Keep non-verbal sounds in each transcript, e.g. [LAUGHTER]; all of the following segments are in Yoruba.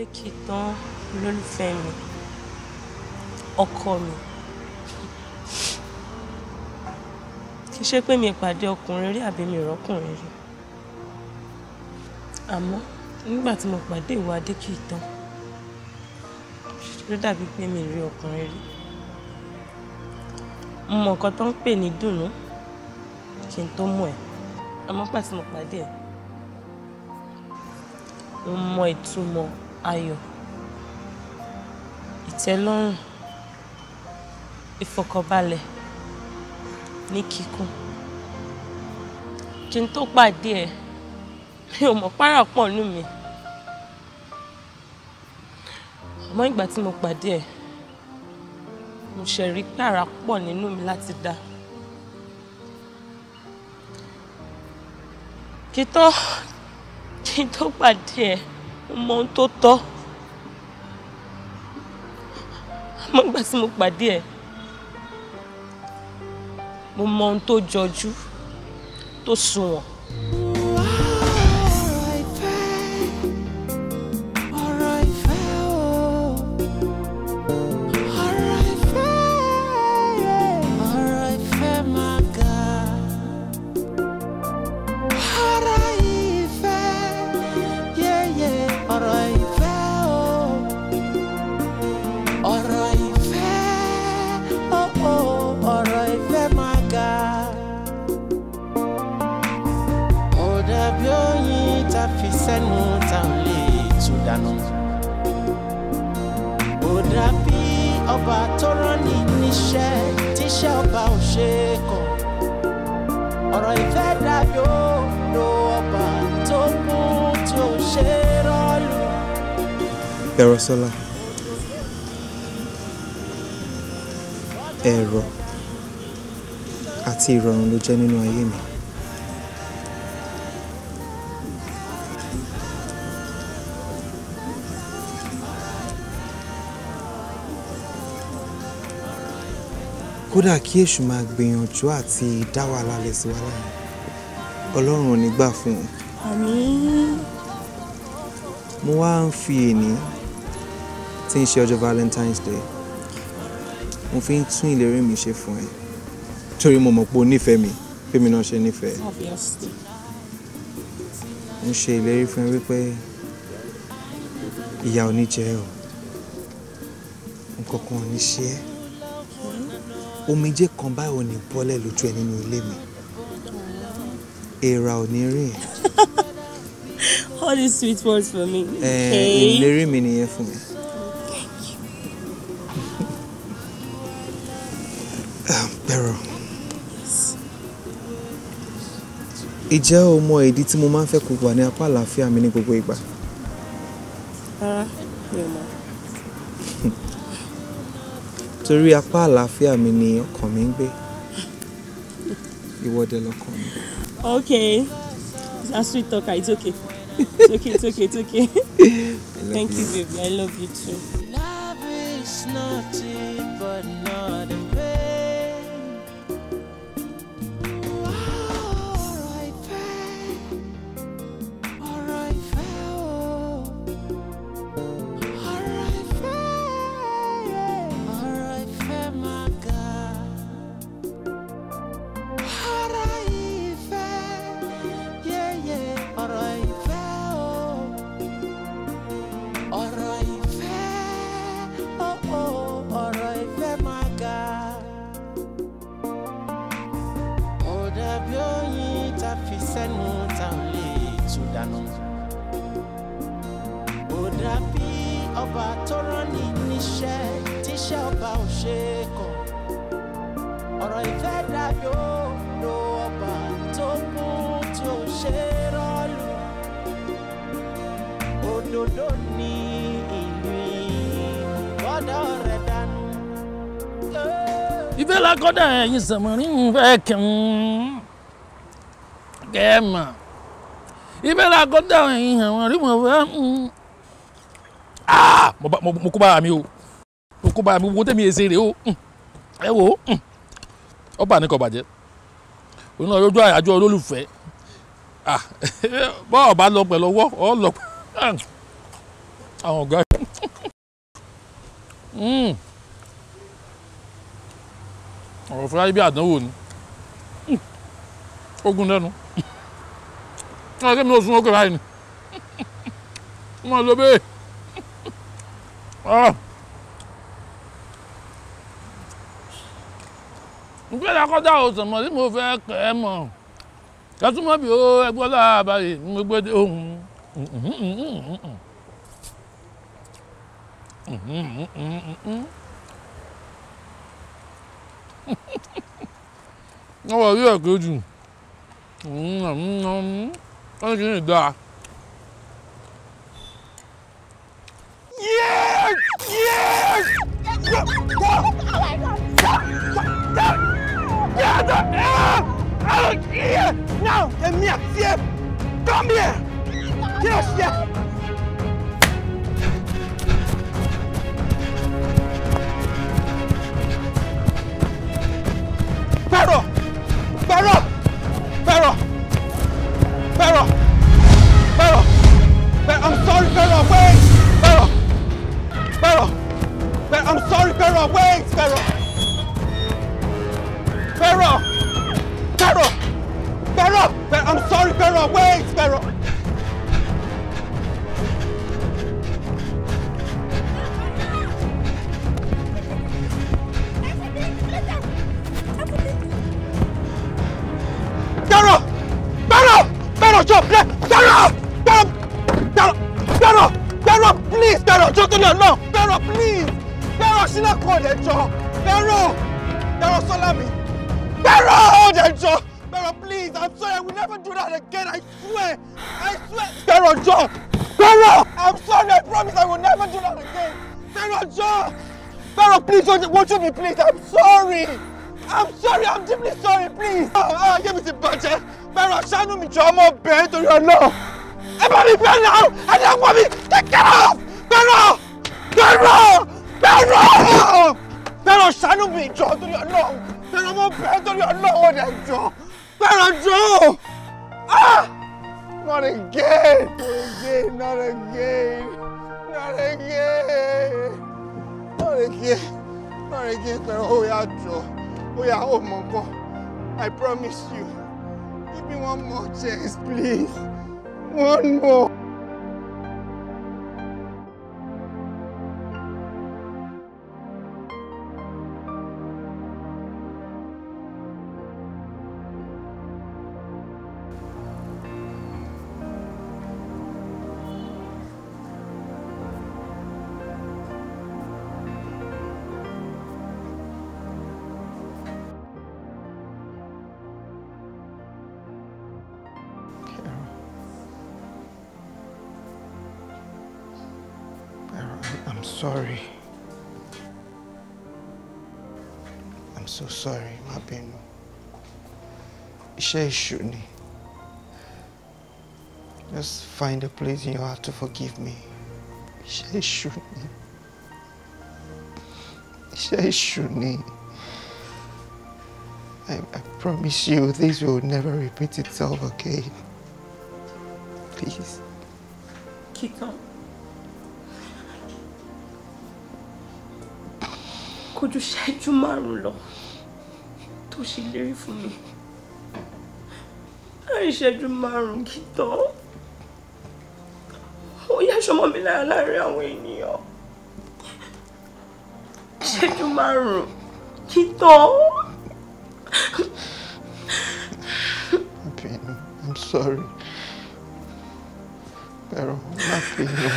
Adékìtán olólùfẹ́ mi ọkọ mi kì í ṣe pé mi pàdé ọkùnrin rí àbí mi rọ́kùnrin rí àmọ́ nígbà tí mo pàdé ìwà Adékìtán ló dàbí pé mi rí ọkùnrin rí mo mọ nǹkan tó ń pè ní dùnnú kí n tó mọ̀ ẹ́ àmọ́ pàtí mo pàdé ẹ̀ mo mọ ìtumọ̀ ayọ̀ ìtẹ́lọ́rùn ìfọ̀kànbalẹ̀ ní kíkún kí n tó pàdé ẹ mi ò mọ̀ pàrà pọ̀ nù mí àmọ́ ìgbà tí mo pàdé ẹ mo ṣe rí pàrà pọ̀ nínú mi láti dá kí tó kí n tó pàdé ẹ mọ ohun tó tọ́ àmọ́ ìgbà tí mo pàdé ẹ̀ mo mọ ohun tó jọjú tó sunwọ̀n jẹ́ nínú ayé mi. kódà kí èṣù máa gbìyànjú àti dá wàhálà lẹ̀ sí wàhálà yẹn ọlọ́run ò ní gbà fún un. mo wá ń fi èní tí ń ṣe ọjọ́ valentine's day mo fi ń tún ìlérí mi ṣe fún ẹ torí mo mọ̀ pé o nífẹ̀ẹ́ mi pé náà ṣe nífẹ̀ẹ́. mo ṣe ìlérí fún ẹ wípé ìyà ò ní jẹ ẹ́ nǹkan kan ò ní ṣe ẹ́ omijé kan báyìí ò ní bọ́lẹ̀ lójú ẹ nínú ilé mi èèrà ò ní rìn. [LAUGHS] all these sweet words for me. ìlérí mi nìyẹn fún mi. ìjẹ́ o mọ ìdí tí mo máa ń fẹ́ kó wà ní apá àlàáfíà mi ní gbogbo ìgbà. rárá mi ò mọ. [LAUGHS] torí apá àlàáfíà mi ni ọkàn mi ń gbé ìwọ́de lọ́kàn mi. okay that sweet talker ah, it's okay it's okay it's okay it's okay [LAUGHS] thank you baby i love you too. yi zamanin vacuum I you better go down in here and remove them ah mo kó bá mi o mo kó bá mi wo tẹ́mi èsè rè o hmm. ẹ wo hmm. ọba ní kò bàjẹ́ òun náà lójú àjọ olólùfẹ́ ah [LAUGHS] bọ́ọ̀ bá lọ pẹ̀lú ọwọ́ ọ lọ hmm. àwọn ọ̀gá rẹ̀ ọ̀rọ̀ Fọláṣadé bí àdánwò ni ogun lẹ́nu ọ̀rọ̀ kí mi ò sun ókè báyìí ni mo lọ bẹ́ẹ̀ nígbà tí akọ́dá òsàn mọ̀ tí mo fẹ́ kẹ́ ẹ mọ̀ kẹ́tùmọ̀ bí ó ẹgbọ́n láàbàyè mo gbé dé ohun Mm-hmm wọ́n wọ orí ẹ̀kọ́ jù wọ́n kì í dáa. Yeah! Yeah! Yeah! Yeah! Yeah! Yeah! Now, Emiya, come here! Yes, yeah! Ojú mi, please, I'm sorry. I'm sorry, I'm deeply sorry, please. give me the budget. Bẹ́ẹ̀ni ọ̀ṣánú mi jọ ọmọ bẹ́ẹ̀ torí ọlọ́. Ẹ bá mi bẹ́ẹ̀ I don't want me take care of. Bẹ́ẹ̀rọ, bẹ́ẹ̀rọ, bẹ́ẹ̀rọ. Bẹ́ẹ̀ni ọ̀ṣánú mi jọ torí ọlọ́. Bẹ́ẹ̀ni ọmọ bẹ́ẹ̀ torí ọlọ́ ọ̀dẹ̀ jọ. Bẹ́ẹ̀rọ jọ. pé ó yá jọ ó yá ó mọ̀ I promise you give me one more chance please one more. iṣẹ́ èṣù ni just find a place in your heart to forgive me iṣẹ́ èṣù ni iṣẹ́ èṣù ni I, I promise you this will never repeat itself again please. Kito, could you ṣẹ́jú márùn-ún lọ tó ṣèlérí for me? ìṣẹ́jú márùn kí tán ó yá ṣọmọ mi lára láàrin àwọn ènìyàn ìṣẹ́jú márùn kí tán. Bínú, I'm sorry. Pero, má bínú.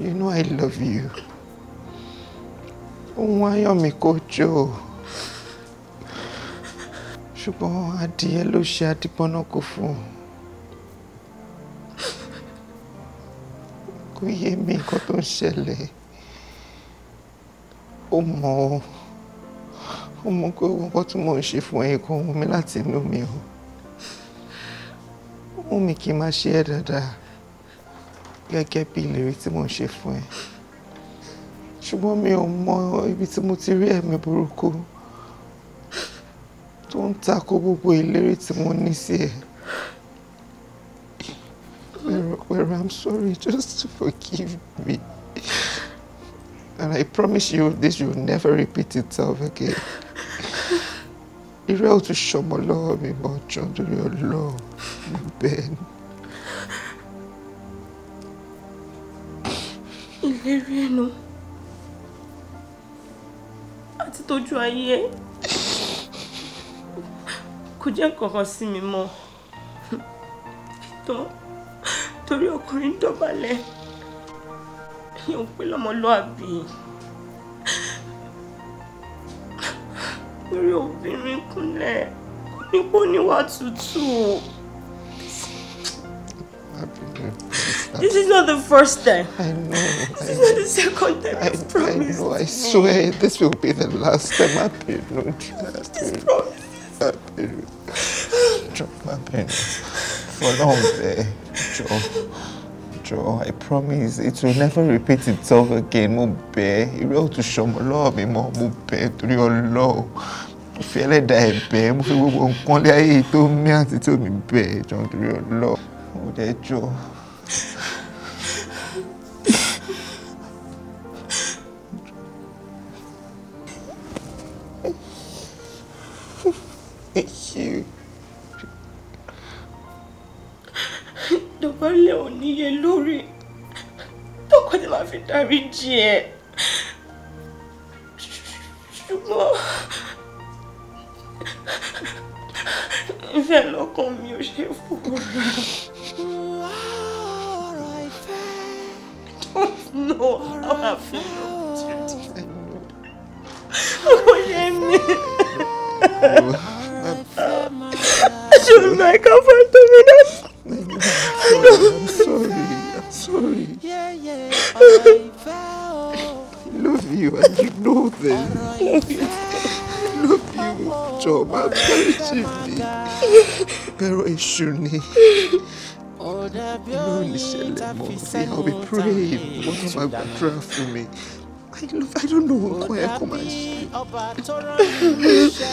You know I love you. Ohun ayọ̀ mi kò jó ṣùgbọ́n adìyẹ ló ṣe adìpọ́nà kò fún un kò yé mi nǹkan tó ń ṣẹlẹ̀ ó mọ̀ ọ́ ó mọ̀ pé owó nǹkan tí mò ń ṣe fún ẹ̀yìn kan wù mí láti inú mi o wù mí kí n máa ṣe ẹ́ dáadáa gẹ́gẹ́ bí ìlérí tí mò ń ṣe fún ẹ ṣùgbọ́n mi ò mọ ibi tí mo ti rí ẹ̀mí burúkú tó ń takò gbogbo ìlérí tí mo ní sí ẹ. Wera, I'm sorry, just forgive me. And I promise you this will never repeat itself again. Irẹ́ ò tún ṣọmọ lọ́wọ́ mi mọ́ jọ̀ọ́ torí ọlọ́run bẹ́ẹ̀ ni. Ìlérí ẹnu àti tójú ayé ẹ. This is not the first time. I know. This I is know. not the second time. I, I promise. I know. I swear this will be the last time. I promise. Just I promise. Drop my pen. Fọlọ́run bẹ́ẹ̀ Joe, Joe, I promise it will never repeat itself again. Mo bẹ́ẹ̀, irú ọ̀tún ṣọmọ lọ́wọ́ mi mọ́, mo bẹ́ẹ̀ torí ọlọ́ọ̀. Mo fi ẹlẹ́dàá ẹ̀ bẹ́ẹ̀, mo fi gbogbo nǹkan lé ayé tó mí àti tó mi bẹ́ẹ̀ jọ nítorí ọlọ́ọ̀. Mo dẹ́ jọ. you. Dọ̀bálẹ̀ ò níye lórí. Tọ́kọ tí màá fi dárí jì ẹ́. Ṣùgbọ́n ìfẹ́ lọ́kàn mi ò ṣe fòrò. I don't know how I feel. Oh, yeah, should my comfort to me I'm sorry. I'm sorry. I love you and you know that. I love you, Job. I'm sorry. Pero Ishuni. No, Michelle, Mom. I'll be praying. What is my prayer for me? I love, I don't know what I'm come and say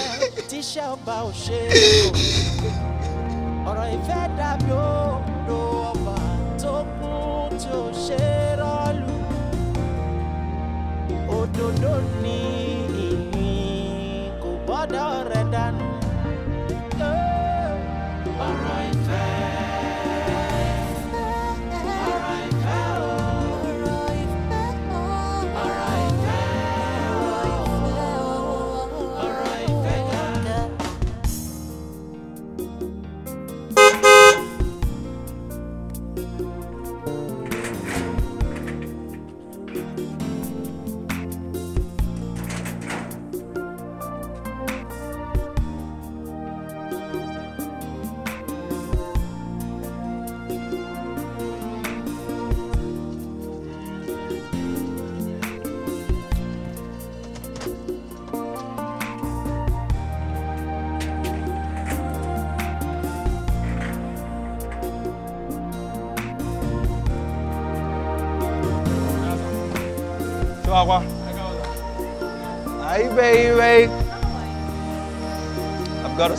ọ̀rọ̀ ìfẹ́ dàbí odò ọ̀fà tó kún tí ò ṣe rọ́ọ̀lù òdòdó ni ìyìn kò gbọ́dọ̀ rẹ̀ dànù.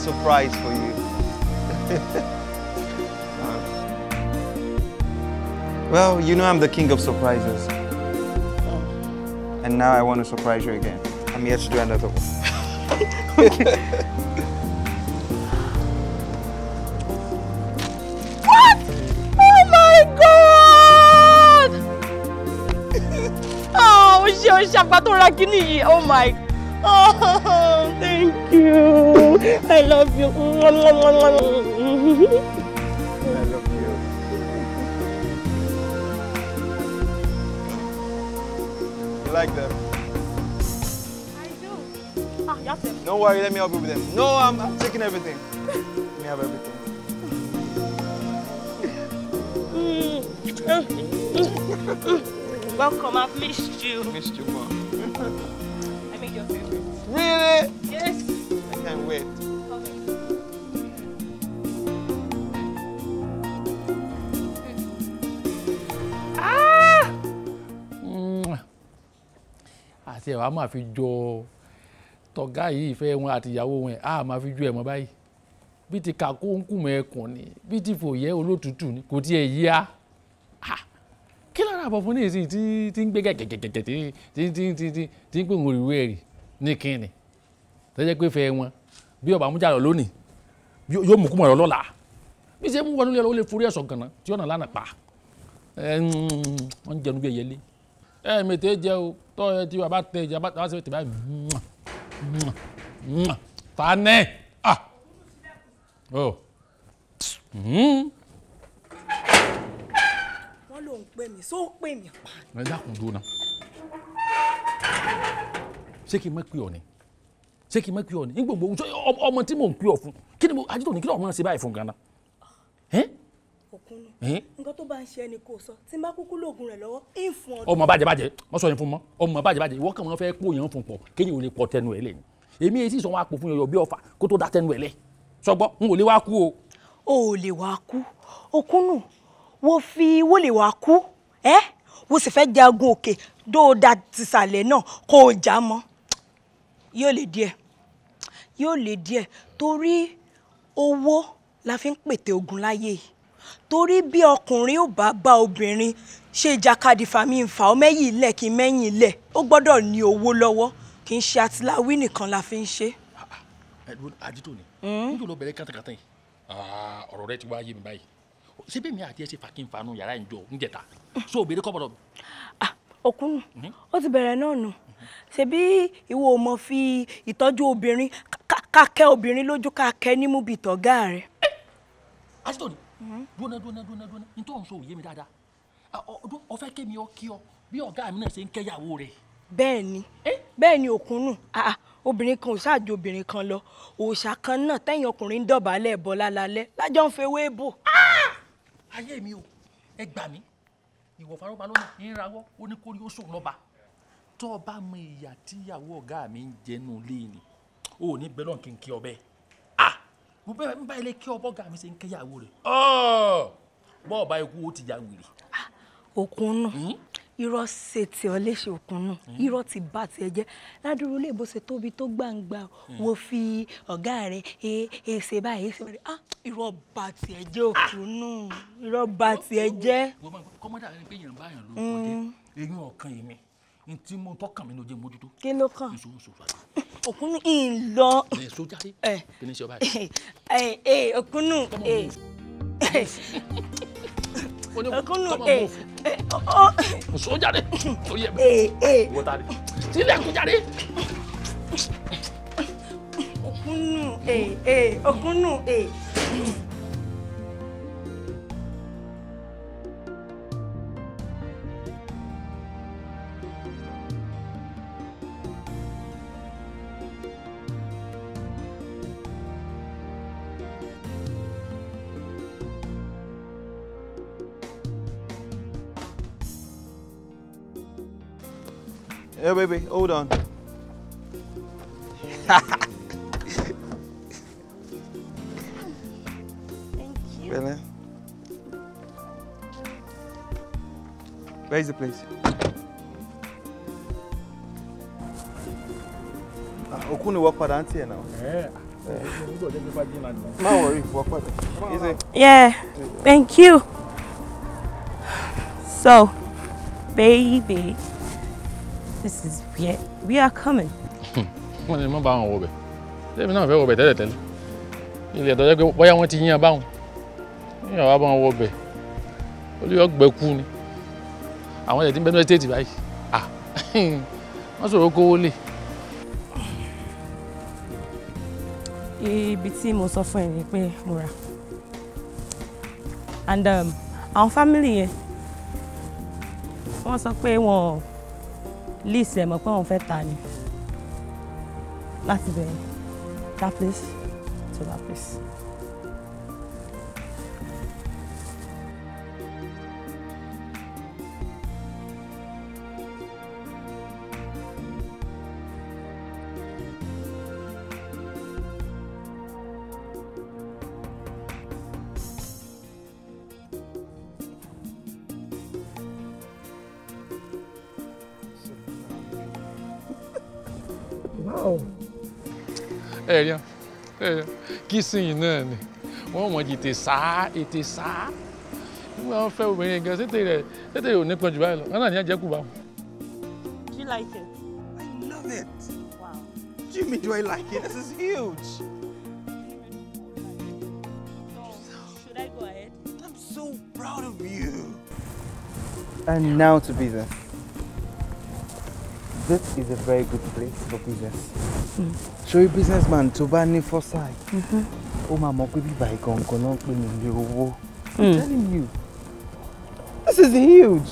surprise for you. [LAUGHS] well, you know I'm the king of surprises. And now I want to surprise you again. I'm here to do another one. ṣe ń ṣàpá tó ra kíní oh my [LAUGHS] oh, [LAUGHS] Thank you. I love you. I love you. You like them? I do. Ah, yes. Don't worry, let me help you with them. No, I'm, I'm taking everything. let me have everything. Welcome, I've missed you. Missed you, Mom. I made your favorite. Really? àti ẹ̀wà máa fi jọ tọ̀gá yìí ìfẹ́ wọn àti ìyàwó wọn á máa fi jọ ẹ̀ mọ́ báyìí bí ti kàkó ń kùmọ̀ ẹkùn ni bí ti fòyẹ́ olótùtù ni kò tiẹ̀ yí a kí lára àbọ̀ fún nísìnyí tí tí ń gbé gẹ̀gẹ̀gẹ̀gẹ̀ tí tí tí tí tí tí ń pè ń òrìwé ẹ̀rì ní kínni tẹ́jẹ́ pé fẹ́ wọn bí ọba amújà lọ lónìí yóò mú kúmọ̀ rẹ lọ́la bí ṣe mú wọnú lẹ́rọ ó lè forí ẹ̀sọ̀ gànà tí ọ̀nà lánàá pa ẹ̀ ń jẹun bí ẹyẹlé ẹ mètè jẹ o tọ́ ẹ ti wà bá tẹ ìjà bá tẹ tẹ báyìí ta nẹ ah o. Oh. Hmm. wọ́n ló ń pè mí só ń pè mí pa. ẹ dákun dúró náà ṣé kí n má ọ ni ṣé kí n má ọ ni nígbà gbogbo ọmọ tí mò ń pè ọ fún kí ni mo àjẹtò ní kí ni ọmọ náà ṣe báyìí fún ganan kúnnú. nǹkan tó bá ń ṣe ẹni kò sọ tí n bá kúkú lóògùn rẹ lọ́wọ́ ń fún ọ. ọmọ bàjẹ́ bàjẹ́ wọ́n sọ yẹn fún mọ́ ọmọ bàjẹ́ bàjẹ́ ìwọ kàn wọ́n fẹ́ pò yẹn fún pọ̀ kéyìn ò lè pọ̀ tẹnu ẹ̀ lẹ́yìn èmi èyí sì sọ wọn àpò fún yọyọ bí ọfà kó tó dá tẹnu ẹ̀ lẹ̀ sọgbọ́ n ò lè wá kú o. o ò lè wá kú okunu wo fi wo lè wá kú ẹ wo sì fẹ́ jagun òkè dóòdà tìsàlẹ̀ náà kó o jà mọ́ yóò lè díẹ̀ yóò lè díẹ̀ torí owó la fi ń pètè ogun láyé yìí torí bí ọkùnrin ò bá bá obìnrin ṣe ìjàkadì fàmí ìfà ọmọ ẹ̀yìn ilẹ̀ kí mẹ́yìn ilẹ̀ ó gbọ́dọ̀ ní owó lọ́wọ́ kì í ṣe àtìláwí nìkan la fi ń ṣe. àdìtò ni níjò ló bẹ̀rẹ̀ kátàkátà yìí ah, ọ̀rọ̀ rẹ ti wá yé mi báyìí ṣé bẹ́ẹ̀ mi àti ẹ ṣe fàkín fanú yàrá ìjọ níjẹta ṣé òbèrè kọ́ bọ̀dọ̀. Ah, òkun hmm? ó ti bẹ̀rẹ̀ náà nù hmm. ṣebí ìwọ ò mọ̀ fi ìtọ́jú obìnrin kákẹ́ obìnrin lójú kákẹ́ nímú bìtọ́gá rẹ̀. àdìtò eh, ni Mm-hmm. dúnà dúnà dúnà dúnà ní tó ń sọ òye mi dáadáa ọfẹ kémi ọ kí ọ bí ọgá mi náà ṣe ń kẹyàwó rẹ. bẹ́ẹ̀ ni eh? bẹ́ẹ̀ ni òkúnnù ah, ah, obìnrin kan ò ṣáàjò obìnrin kan lọ òòṣà kan náà tẹ̀yìn ọkùnrin ń dọ̀bálẹ̀ bọ́ lálálẹ́ lájọ́ ń fewé bò. Ah! ayé mi o ẹ gbà mí ìwọ faroba lónìí ń rawọ́ ó ní kórí ó sòun lọ́ba tó o mo bẹ́ẹ̀ ń bá ilé kí ọbọ̀ gà ṣe ń kẹ́yàwó rẹ̀ oh! bọ́ ọba ikú ó ti ya wèrè. Ah, òkun nù hmm? irọ́ ṣe tí ọ léṣe òkun nù hmm? irọ́ ti bá tiẹ̀ jẹ́ ládùúrú lè bó tóbi tó gbangba wo hmm. fi ọ̀gá rẹ̀ ẹ ẹ ṣe báyìí ṣe báyìí ah irọ́ bá tiẹ̀ jẹ́ ah! òkun nù irọ́ bá tiẹ̀ jẹ́. kọ́mọ́dà rẹ pé yẹn bá yàn lórúkọ jẹ́ eyín ọ̀kan yìí mi ntí mo tọ́kàn mi ló jẹ́ mójútó. kí ló kàn òkúnnù ń lọ. ẹ sójà sí kí ni ṣe ọba yìí. ẹ ẹ òkúnnù ẹ òkúnnù ẹ sójà dé tó yẹ bẹ wọ́n ta dé sílẹ̀ kú jáde. òkúnnù ẹ ẹ òkúnnù ẹ. baby, hold on. Thank you. Really? Ah, Where's the place? Okuni work for auntie now. Yeah. No worry, work for Yeah. Thank you. So, baby. This is where we are coming. [LAUGHS] Wọ́n ní mo bá wọn wọ bẹ̀. Lẹ́mi náà fẹ́ wọ bẹ̀ tẹ́lẹ̀tẹ́lẹ̀. Ilé ẹ̀dọ́ jẹ́ pé bóyá wọ́n ti yín abáwọn. Yíyan wá bá wọn wọ bẹ̀. Olúyọ̀ gbẹ̀kú ni. Àwọn ẹ̀dín bẹ́ẹ̀ tètè báyìí. [LAUGHS] Wọ́n sọ̀rọ̀ kówó lè. Ibi tí mo sọ fún ẹ ni pé mo rà. And um, àwọn fámìlì yẹn wọ́n sọ pé wọ́n list ẹ̀ mọ̀ pé àwọn fẹ́ ta ni láti bẹ̀rẹ̀ that place to that place. ẹ̀ríàn ẹ̀ríàn kìsìn náà ni wọ́n mọ̀ jì tè sá ètè sá nígbà wọn fẹ́ obìnrin gan sétè rẹ̀ sétè rẹ̀ ò nípọn jù báyìí lọ Do you like it? I love it. Wow. Do do I like it? This is huge. Should I go ahead? I'm so proud of you. And now to be there this is a very good place for business. Show mm. ṣorí businessman to buy new foresight mm-hmm. ó máa mọ̀ pé bíbá ìkọ̀ǹkan náà pè ní ilé owó. I'm mm. telling you this is huge.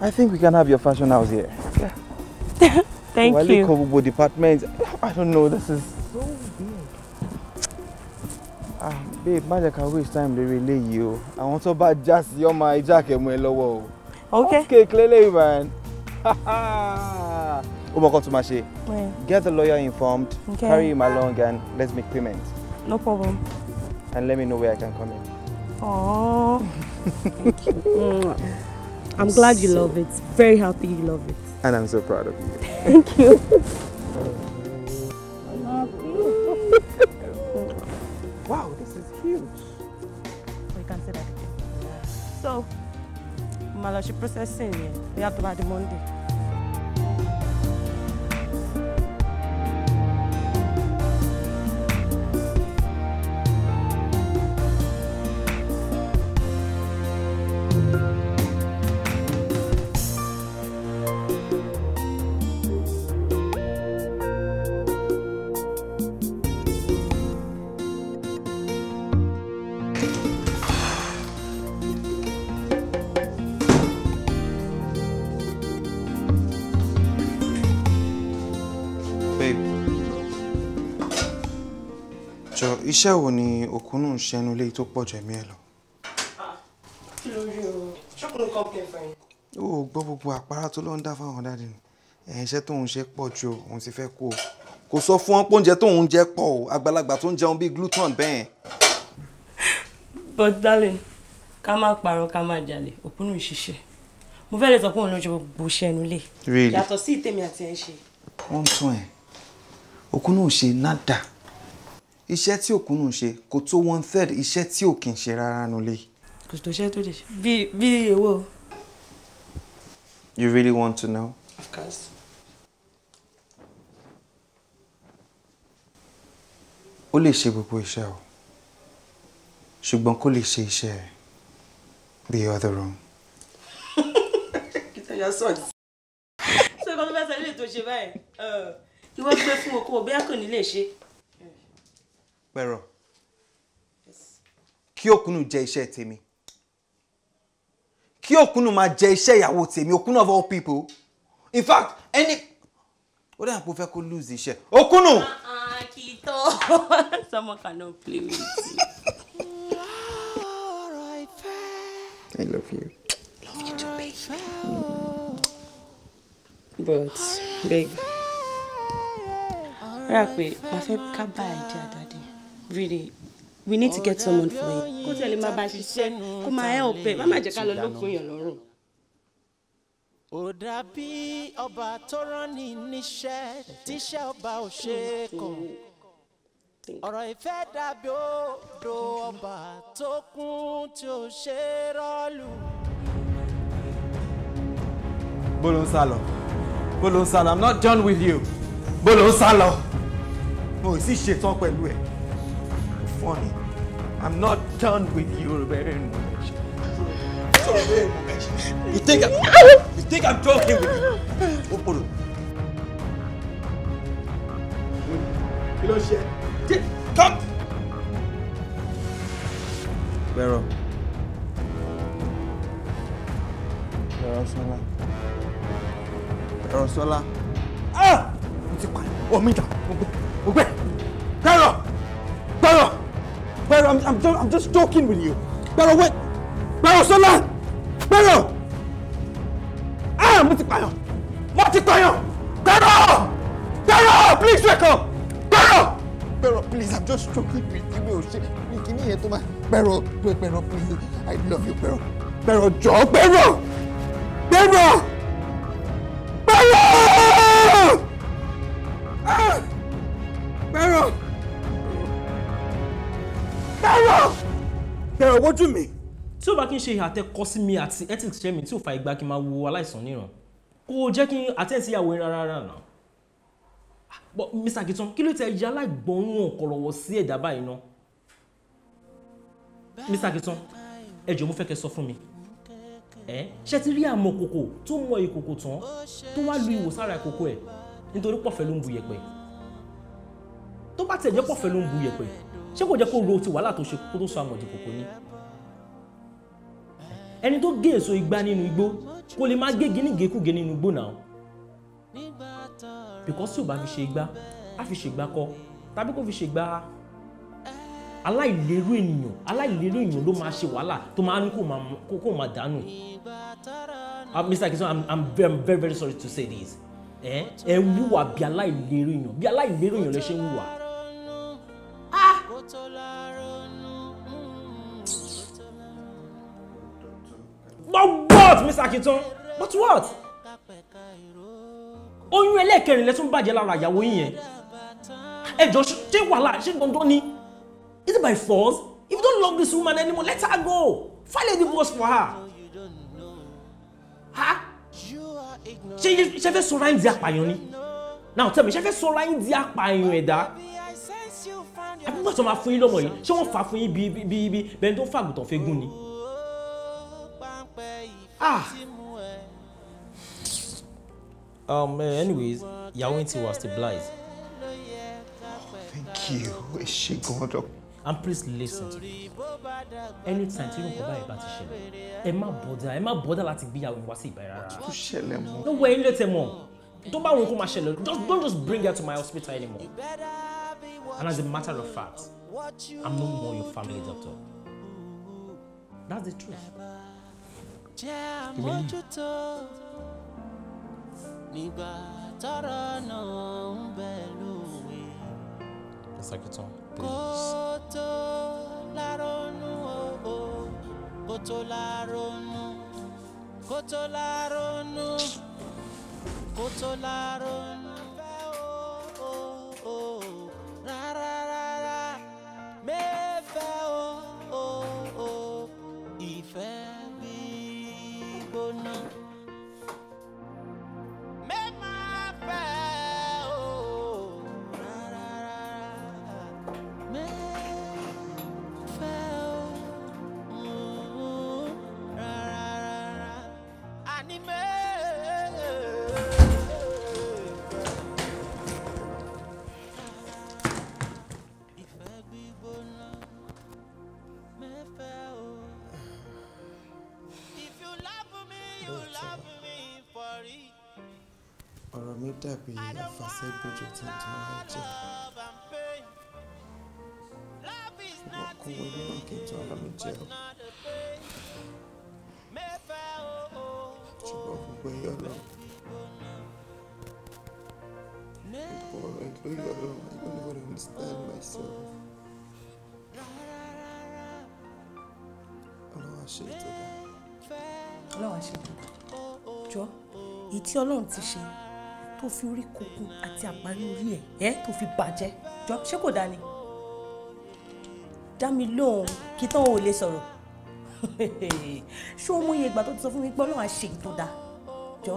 I think we can have your fashion house here. Yeah. [LAUGHS] Thank Wale you. Kobubo department. I don't know. This is so big. Ah, babe, má jẹ́ ká waste time to eléyìí you. I want to buy just your my jacket, my lower. o. Okay. Okay, clearly, man. Umoko Tumashi, yeah. get the lawyer informed, okay. carry him along and let's make payment. No problem. And let me know where I can come in. Oh, [LAUGHS] thank you. [LAUGHS] I'm glad you so, love it. Very happy you love it. And I'm so proud of you. Thank you. [LAUGHS] wow, this is huge. We can say that again. So, máa lọ ṣe processing yẹn bóyá tó bá di Monday. iṣẹ́ wo ni òkúnnù ń ṣẹ́nu lé tó pọ̀ jẹ̀mí ẹ̀ lọ. o ṣọ́kùnrin kan kẹ́ fẹ́. ó gbọ́ gbogbo àpárá tó lọ ń dá fáwọn dáadé ni ẹ̀yìn iṣẹ́ tóun ṣe pọ̀ ju òun ti fẹ́ kú o kò sọ fún wọn pé oúnjẹ tóun jẹ pọ̀ o àgbàlagbà tó ń jẹun bíi gluten bẹ́ẹ̀. but darling ká má parọ́ ká má jalè òkúnnù ìṣiṣẹ́ mo fẹ́ lè sọ pé òun ló ṣe gbogbo ṣẹ́nu lé yàtọ̀ sí ìtẹ̀mí àti ẹ̀ ṣe. wọ́n tún ẹ̀ òkúnnù ò ṣe nádà iṣẹ́ tí òkúnnù ṣe kò tó one third iṣẹ́ tí òkè ń ṣe rárá nulẹ̀. kò tó iṣẹ́ tó lè ṣe bí bí èwo. you really want to know. of course. ó lè ṣe gbogbo iṣẹ́ o ṣùgbọ́n kó lè ṣe iṣẹ́ the other room. kìtà yà sọ̀tì. ṣé kọ́ńtà fẹ́ sẹ́lẹ̀ tó ṣe báyìí ìwọ gbé fún okòwò bí a kò ní lè ṣe pẹ̀rọ kí òkúnnù jẹ iṣẹ́ tèmi kí òkúnnù máa jẹ iṣẹ́ ìyàwó tèmi òkúnnù of all people in fact any ó dàbí pé ó fẹ́ kó lose iṣẹ́ òkúnnù. Ah, ah, kì í tọ́ [LAUGHS] someone cannot play with you. [LAUGHS] I love you. Love you too, baby. But, babe, rárá pé a fẹ́ ká bá ẹ jẹ́ really we need to get someone for you. kó tẹ̀lé máa bá ṣiṣẹ́ kó máa help ẹ̀ má má jẹ́ ká lọ lókun yàn lọ́rùn. ó dàbí ọba tó rán ni níṣẹ́ tíṣẹ́ ọba ò ṣe é kàn ọ̀rọ̀ ìfẹ́ dàbí odò ọba tó kún tí ò ṣe é rọ́ọ̀lù. bó ń sá lọ bó ń sá lọ i'm not done with you bó ló ń sá lọ mo ò sì ṣetán pẹ̀lú ẹ̀ funny. I'm not done with you, very much. You think I'm, you think I'm joking with you? Oporo. Oh, Kí ló ṣe? Come! Gbẹ̀rọ̀. Gbẹ̀rọ̀ Sọlá. Gbẹ̀rọ̀ Sọlá. Ah! Mo ti pa omi I'm, I'm, just, I'm just talking with you. Bẹ̀rọ̀ wait. Bẹ̀rọ̀ Sọlá. Bẹ̀rọ̀. Ah, mo ti pààyàn. Mo ti pààyàn. Bẹ̀rọ̀. Bẹ̀rọ̀ please wake up. Bẹ̀rọ̀. Bẹ̀rọ̀ please I'm just talking with you. Mi ò ṣe mi kì í níyẹn tó máa. Bẹ̀rọ̀ please I love you Bẹ̀rọ̀. Bẹ̀rọ̀ Joe. Bẹ̀rọ̀. Bẹ̀rọ̀. Bẹ̀rọ̀. Ah! Bẹ̀rọ̀. tẹ̀rọ wojú mi. tí o bá kí n ṣe àtẹkọ sí mi àti ethics ṣe mi tí o fa ìgbà kí n máa wo aláìsàn níran kó o jẹ́ kí n àtẹ̀sí ìyàwó yín rárá rárá nà. Ah, but Mr. Akitan kí ló tẹ ya aláìgbọràn ọ̀kọ̀rọ̀wọ̀ sí ẹ̀dá báyìí ná. Mr. Akitan ẹ jọ̀ọ́ mo fẹ́ kẹ́ sọ fún mi ẹ ṣe ti rí àmọ kòkò tó mọ ìkòkò tán tó wá lu ìwò sára ìkòkò ẹ nítorí pọ̀fẹ́ ló ń bu yẹ̀pẹ̀ tó bá tẹ̀jẹ́ pọ̀fẹ́ ló ń bu yẹ̀pẹ̀ ṣé kò jẹ́ kó ro ti wàhálà tó ṣe kó tó sọ àmọ̀dì kòkó ní. ẹni tó gé èso igba nínú igbó kó lè má gégi ní nínú igbó náà because tí ò bá fi ṣe igba á fi ṣègbà kọ tàbí kó fi ṣègbà aláìlérò ènìyàn aláìlérò ènìyàn ló máa ṣe wàhálà tó máa ní kó máa dànù ah, Mr. Akison I'm, very very sorry to say this eh, ẹ ẹ bí aláìlérò èèyàn bí aláìlérò èèyàn lè ṣe ń But what, Mr. Akiton? But what? Oyún ẹlẹ́ẹ̀kẹrin lẹ tún bàjẹ́ lára ìyàwó yín yẹn. Ẹjọ́ ṣé wàhálà ṣé dandan ni? Is it by force? If you don't love this woman anymore, let her go. File a divorce for her. Ha? Ṣé ṣe fẹ́ sọra yín di apààyàn ni? Now tell me, ṣe fẹ́ sọra yín di apààyàn ẹ̀dá? àbí nígbà máa fún yín lọ́mọ yìí ṣé wọ́n fà fún yín bíi bẹ́ẹ̀ tó fàgùtàn fẹ́ gún ni. Ah! um, eh, anyways ìyàwó yín ti wà stabilized. Oh, thank you ẹ ṣe gan dọ. and please listen to me anytime tí irun kò báyìí bá ti ṣẹlẹ̀ ẹ má bọ́dà ẹ má bọ́dà láti gbéyàwó yín wá sí ìbẹ̀rẹ̀ rárá. kò ṣẹlẹ̀ mọ́. no way ń lè tẹ̀ mọ́ tó bá wọn kó máa ṣẹlẹ̀ don't just bring her to my hospital anymore. And as a matter of fact, I'm no more your family doctor. That's the truth. Ìmọ̀jútó nígbà tọrọ náà ń bẹ please. dàbí àfàsẹ́gbèjì tí ń tan ẹ̀jẹ̀ ṣùgbọ́n kò wọ mi jẹ́ o ṣùgbọ́n gbogbo ẹ̀yọ́ lọ gbogbo ọ̀rọ̀ ìlú ìyọ́ lọ I don't even understand myself ọlọ́wà ṣe ìjọba ọlọ́wà ṣe ìjọba jọ èyí tí ti ṣe tó fi orí kòkun àti àparí orí ẹ̀ ẹ́ tó fi bàjẹ́ jọ ṣé kò dáa ni dá mi lóhùn kí tán ò lè sọ̀rọ̀ [LAUGHS] ṣé o mú iye ìgbà tó ti sọ fún mi pé ọlọ́run á tó dáa jọ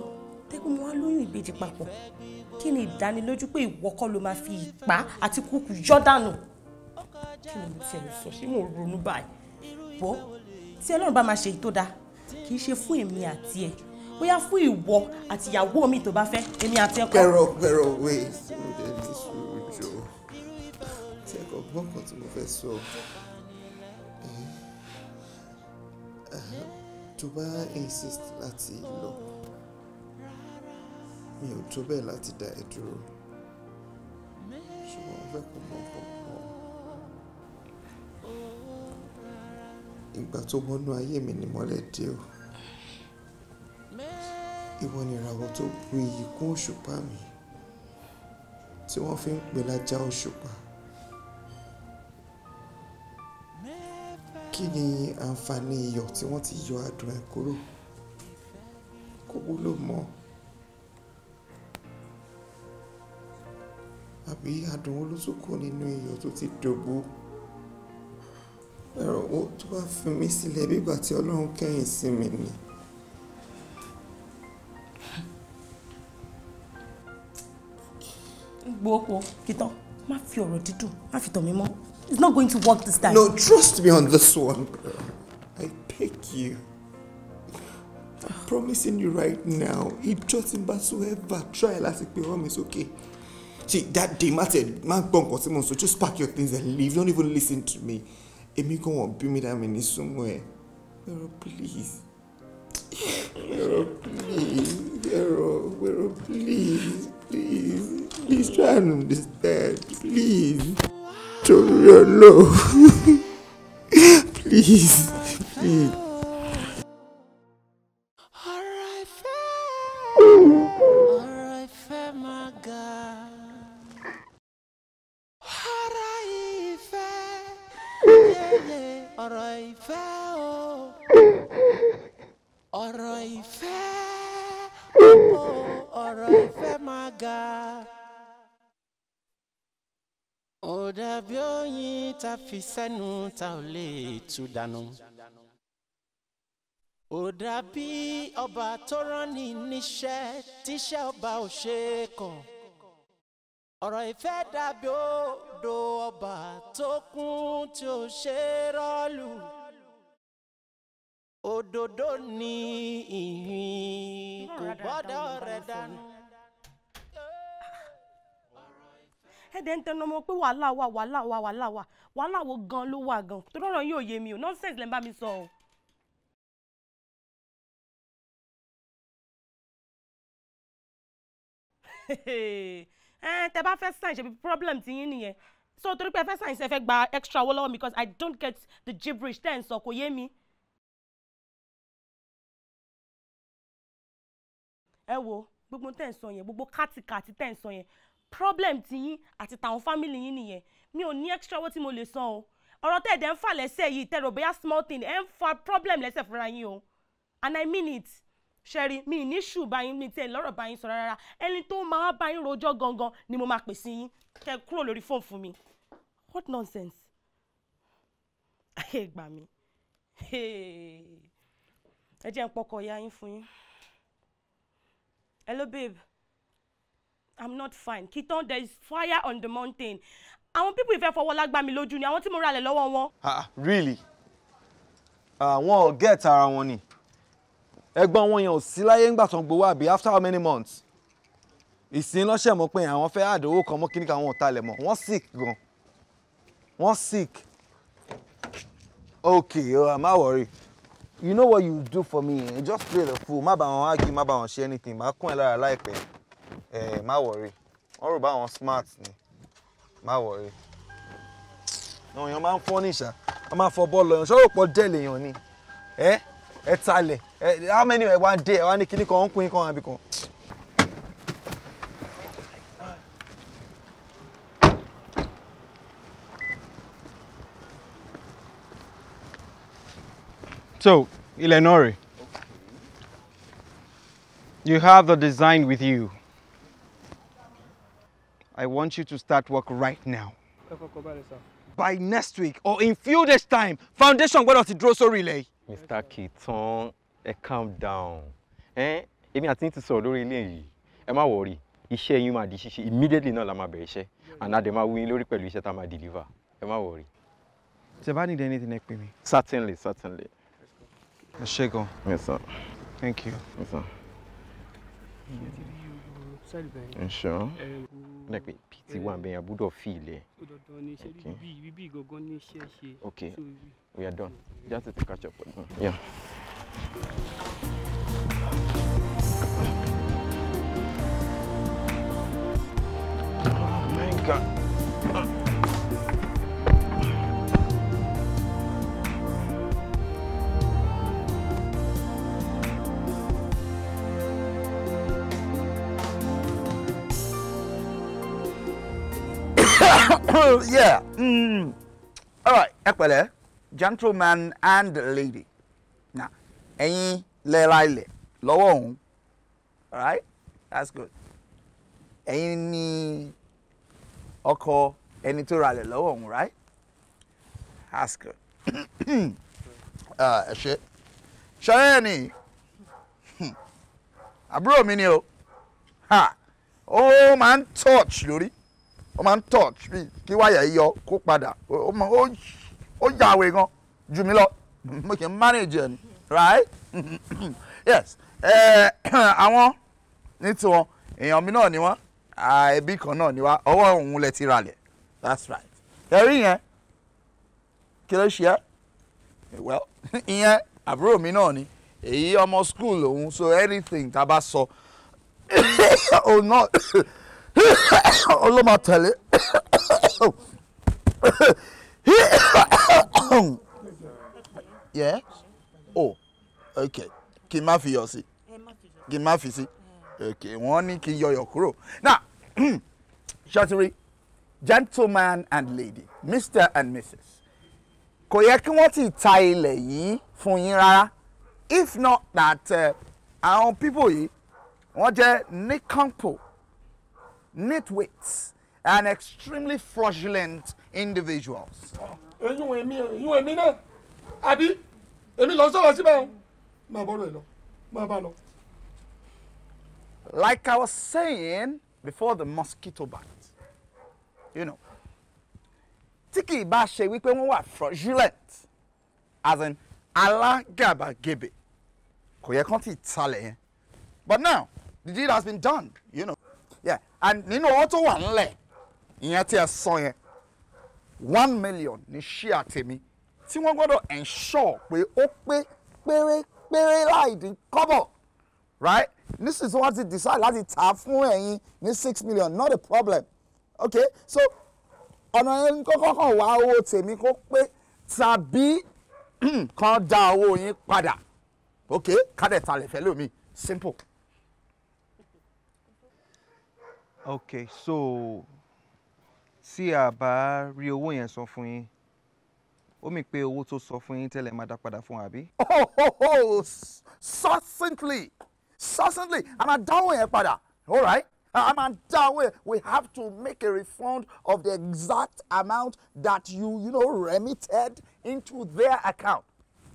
tẹ́kùn mo wá lóyún ìbejì papọ̀ kí ni ìdánilójú pé ìwọ ló máa fi ìpá àti kúkú yọ́ dànù kí ni mo tiẹ̀ sọ ṣé mo ronú báyìí bọ́ tí ọlọ́run bá máa ṣe èyí tó dáa kì í ṣe fún èmi àti ẹ̀ bóyá fún ìwọ àti ìyàwó mi tó bá fẹ́ èmi àti ẹ̀kọ́. pẹ̀rọ pẹ̀rọ wait mo jẹ́ ní sùúrù jọ tí ẹ̀kọ́ gbọ́ kan tí mo fẹ́ sọ tó bá insist láti lọ mi ò tó bẹ́ẹ̀ láti dá ẹ dúró ṣùgbọ́n mo fẹ́ kó mọ̀ ọ́. ìgbà tó wọnú ayé mi ni mọ́lẹ̀ dé o ìwọ ni ìràwọ̀ tó bu iyì kún òṣùpá mi tí wọ́n fi ń pè lájá òṣùpá. kí ni àǹfààní iyọ̀ tí wọ́n ti yọ adùn ẹ̀ kúrò kò wúlò mọ́ àbí adùn wo ló tún kù nínú iyọ̀ tó ti dògbò ẹ̀rọ wo tó bá fi mí sílẹ̀ bí ìgbà tí ọlọ́run kẹ́yìn sí mi ni. gbowó kìtàn má fi ọ̀rọ̀ dídùn má fi tàn mí mọ́ it's not going to work this time. no trust me on this one i beg you i'm promising you right now ìjọ tí n bá ever try láti pe ọ̀rọ̀ mi sókè see that day má tẹ má gbọ́ nǹkan mo sọ just pack your things and leave don't even listen to me èmi ko wọ́n bí mi dá mi ní somewhere girl please. Girl, please, girl, girl, please, please. Please try and understand. Please. Show me your love. [LAUGHS] please. Please. tá a fi sẹ́nu tá ò lè tú dànù. ó dàbí ọba tó rán ni níṣẹ́ tíṣẹ́ ọba ò ṣe é kọ̀. ọ̀rọ̀ ìfẹ́ dàbí odò ọba tó kún tí ò ṣe é rọ́ọ̀lù. òdòdó ni ìhìn kò gbọ́dọ̀ rẹ̀ dànù. ẹ̀dẹ̀ ń tẹnu ọmọ pé wàhálà wà wàhálà wà wàhálà wà wàhálà wo gan ló wà gan tó lọ́rọ̀ yóò yé mi o nonsense lẹ́ bá mi sọ o. [LAUGHS] Eh, tẹ bá fẹ́ sàn ṣebí problem ti yín nìyẹn so torí pé ẹ fẹ́ sàn ṣe fẹ́ gba extra owó lọ́wọ́ mi because I don't get the gibberish tẹ́ sọ kò yé mi. ẹ wo gbogbo tẹ́ ń sọ yẹn gbogbo kátìkàtì tẹ́ ń sọ yẹn problem tiyín àti tàwọn family yín nìyẹn mi ò ní extra owó tí mo lè san o ọ̀rọ̀ tẹ̀ dẹ̀ ń fà lẹ́sẹ̀ yìí tẹ̀rọ bóyá small thing ẹ̀ ń fa problem lẹ́sẹ̀ fúnra yín o and i mean it ṣẹ́rí mi ní ṣù báyìí mi tẹ̀ lọ́rọ̀ báyìí sọ rárá ẹni tó máa báyìí rojọ́ gangan ni mo máa pè sí yín kẹ́ kúrò lórí fóònù fún mi what nonsense ayé [LAUGHS] gbà mí ẹ jẹ́ ń pọkọ̀ ya yín fún yín hello babe i'm not fine kitan there is fire on the mountain àwọn pípọ̀ ìfẹ́ fọwọ́ lágbá mi lójú ni àwọn tí mo ralẹ̀ lọ́wọ́ wọn. ah really àwọn ọ̀gá ẹ̀ta ara wọn ni ẹ̀gbọ́n wọn yẹn ò sí láyé ńgbà tó ń gbowó àbí after how many months ìsìn lọ́sẹ̀ mọ́ pé àwọn fẹ́ àdówó kan mọ́ kíníkà wọn ò talẹ̀ mọ́ wọ́n sick gan wọ́n sick okay oh, má worry you know what you do for me eh? just play the fool má bá wọn argue má bá wọn ṣe anything má kún ẹ lára láìpẹ́. Eh, má worry. wọn rò báwọn smart ni má worry. àwọn èèyàn máa ń fọ́ níṣà wọn máa fọ bọ́ọ̀lù ẹ̀yàn ṣọ́rọ̀ pọ̀ dẹ́ lèèyàn ni ẹ ẹ talẹ̀ ẹ how many ẹ wá dé ẹ wá ní kíní kan ń pin kan àbí kan. So, Eleonore, you have the design with you. I want you to start work right now. By next week or in few days time, foundation gbọ́dọ̀ ti dúró sórí ilẹ̀ yìí. Mr. Kitan, calm down. Eh, if you ti sọ̀rọ̀ lórí ilé yìí. Ẹ má wọ̀rí, iṣẹ́ she máa my ṣíṣe immediately náà la máa and a dẹ̀ máa wú yín lórí pẹ̀lú iṣẹ́ deliver. Ẹ má wọ̀rí. Ṣé bá need anything ẹ pè Certainly, certainly. Let's go. Yes sir. Thank you. Yes sir. Mm -hmm ǹṣọ́ ní pé pt wà ń bẹ̀yẹn fi ilẹ̀. bí ibi okay we are done just to catch up. Yeah. Oh my God. yeah. Mm. All right, ẹ gentleman and lady. Now, ẹ̀yin lẹ́ra ilẹ̀ lọ́wọ́ òun. All right, that's good. Ẹ̀yin ni ọkọ ẹni tó ralẹ̀ lọ́wọ́ òun, right? That's good. [CLEARS THROAT] Ah, ẹ ṣe. Ṣọ́rẹ́ ẹ̀ ni hmm. àbúrò mi ni o. Ha! Ó máa ń touch lórí ó máa ń touch bí kí wáyà yíyọ kó padà ó yàwé gan jù mí lọ mo kì í manage ẹ ni right [COUGHS] yes [COUGHS] àwọn ní tiwọn èèyàn mi náà ni wọn ẹbí kan náà ni wá ọwọ́ òun lẹ ti ralẹ̀ that's right ẹ̀rí yẹn kí ló ṣe ẹ́ well [LAUGHS] ìyẹn àbúrò mi náà ni èyí ọmọ school òun so anything tá a bá sọ òun [COUGHS] náà ọlọ́mà tẹ̀lé yeah oh okay kí n má fi yọ sí kí n má fi sí okay wọ́n ní kí n yọyọ kúrò now [CLEARS THROAT] gentleman and lady mr and mrs kò yẹ kí wọ́n ti ta ilẹ̀ yìí fún yín rárá if not that uh, àwọn uh, people yìí wọ́n jẹ́ nikanpo nitwits, and extremely fraudulent individuals. ẹyún èmi ẹyún èmi náà àbí èmi lọ sọ̀rọ̀ síbẹ̀ o máa bọ́ lọ máa bá lọ. Like I was saying before the mosquito bite, you know, tí kì í bá ṣe wípé wọ́n wà fraudulent as in alágàbàgebè kò yẹ kán ti talẹ̀ yẹn but now the deed has been done you know nínú owó tó wà ńlẹ̀ ìyẹn tí ẹ sọ yẹn one million ní ṣíà tèmi tí wọ́n gbọ́dọ̀ ensure pé ó pé pérépéré láì dín kọ́bọ̀ right nísìsiyìí tí wọ́n ti decide láti tà á fún ẹ̀yin ní six million not a problem okay so ọ̀nà ẹni kọ́kọ́ kan wá owó tèmi kó pé tàbí [CLEARS THROAT] kan dá owó yín padà okay kádẹ̀ta lè fẹ́ lómi simple. okay so tí a bá rí owó yẹn san fún yín ó mì pé owó tó sọ fún yín tẹ́lẹ̀ máa dá padà fún wa àbí. ohoho succinctly succinctly a máa dá owó yẹn padà all right a máa dá owó yẹn we have to make a refund of the exact amount that you you know remitted into their account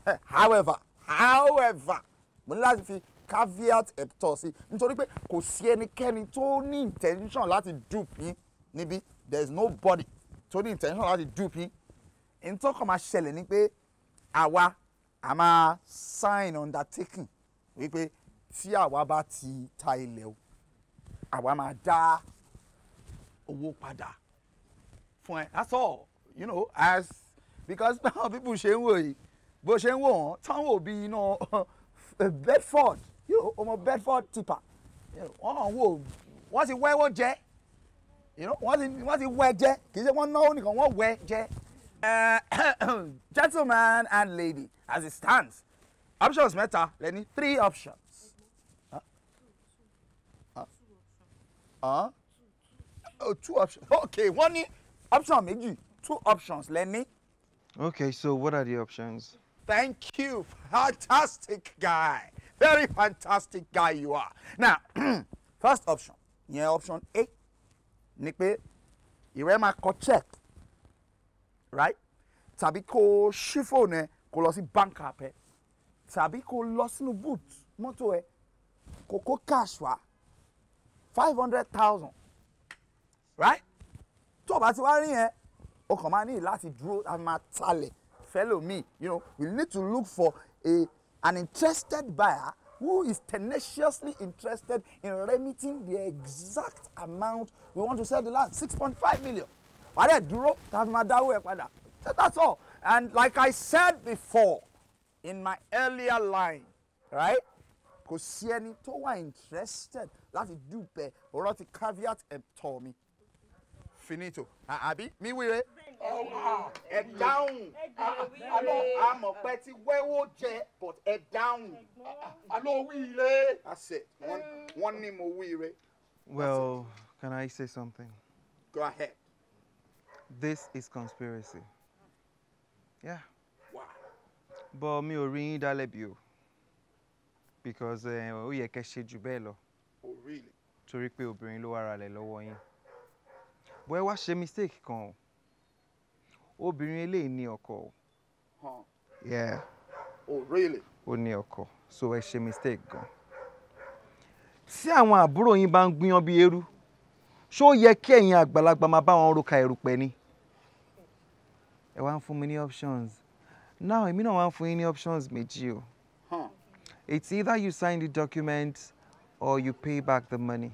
eh, however however mo ní láti fi caveat emptor sí nítorí pé kò sí ẹnikẹ́ni tó ní intention láti dupe yín níbí there is nobody tó ní intention láti dupe yín ntọ́kọ̀ máa ṣẹlẹ̀ ni pé àwa a máa sign undertaking wípé tí àwa bá ti ta ilẹ̀ o àwa máa dá owó padà fún ẹ that's all you know as because báwọn [LAUGHS] people ṣe ń wò yìí bó ṣe ń wò wọ́n táwọn òbí iná Bedford ọmọ Bedford tipa wọ́n hàn wò wọ́n ti wẹ́wọ́ jẹ́ wọ́n ti wẹ́ jẹ́ kì í ṣe wọ́n náwó nìkan wọ́n wẹ́ jẹ́. Eh, [COUGHS] gentleman and lady as it stands options mẹ́ta lẹ́ni three options. Huh? Huh? Oh, two options okay wọ́n ní option méjì two options lẹ́ni. okay so what are the options. thank you fantastic guy very fantastic guy you are. Now, [CLEARS THROAT] first option, yẹn option A ni pé ìwé máa kọ check right tàbí kó o ṣí fóònù ẹ kó o lọ sí bank app ẹ tàbí kó o lọ sínú boot mọ́tò ẹ kó kó cash wá five hundred thousand right tó o bá ti wá rí yẹn o kàn máa ní láti dúró àti máa talẹ̀ fẹ́lòmíì you know we need to look for a An interested buyer who is tenaciously interested in remitting the exact amount we want to sell the land, six point five million. Wàá dẹ̀ dúró tàbí máa dáwó ẹ̀ padà. That's all. And like I said before in my earlier line, right? Kò sí ẹni tó wà interested láti dúpẹ́ ọ̀rọ̀ ti caveat ẹ̀ tọ̀ mi. Finito. Àbí mi wíre ẹ dáhùn alo àmọ̀ pẹ́ ti wẹ́wọ́ jẹ but ẹ alo wíire. that's it wọ́n ní mo wíire. well can I say something. go ahead. this is conspiracy. yeah. wow. but me ò rí yín because eh, ó yẹ kẹ́ ṣe oh really. torí pé obìnrin ló wà ralẹ̀ lọ́wọ́ yín. bọ́ mistake kong obìnrin eléyìí ní ọkọ o. yeah. oh really. ó ní ọkọ so ẹ ṣe mistake gan. tí àwọn àbúrò yín bá ń gbìyàn bí eérú ṣó yẹ kí ẹ̀yin àgbàlagbà máa bá wọn roka erùpẹ̀ ni. ẹ wá ń fún mi ní options now èmi náà wá ń fún yín ní options méjì o. It's either you sign the document or you pay back the money.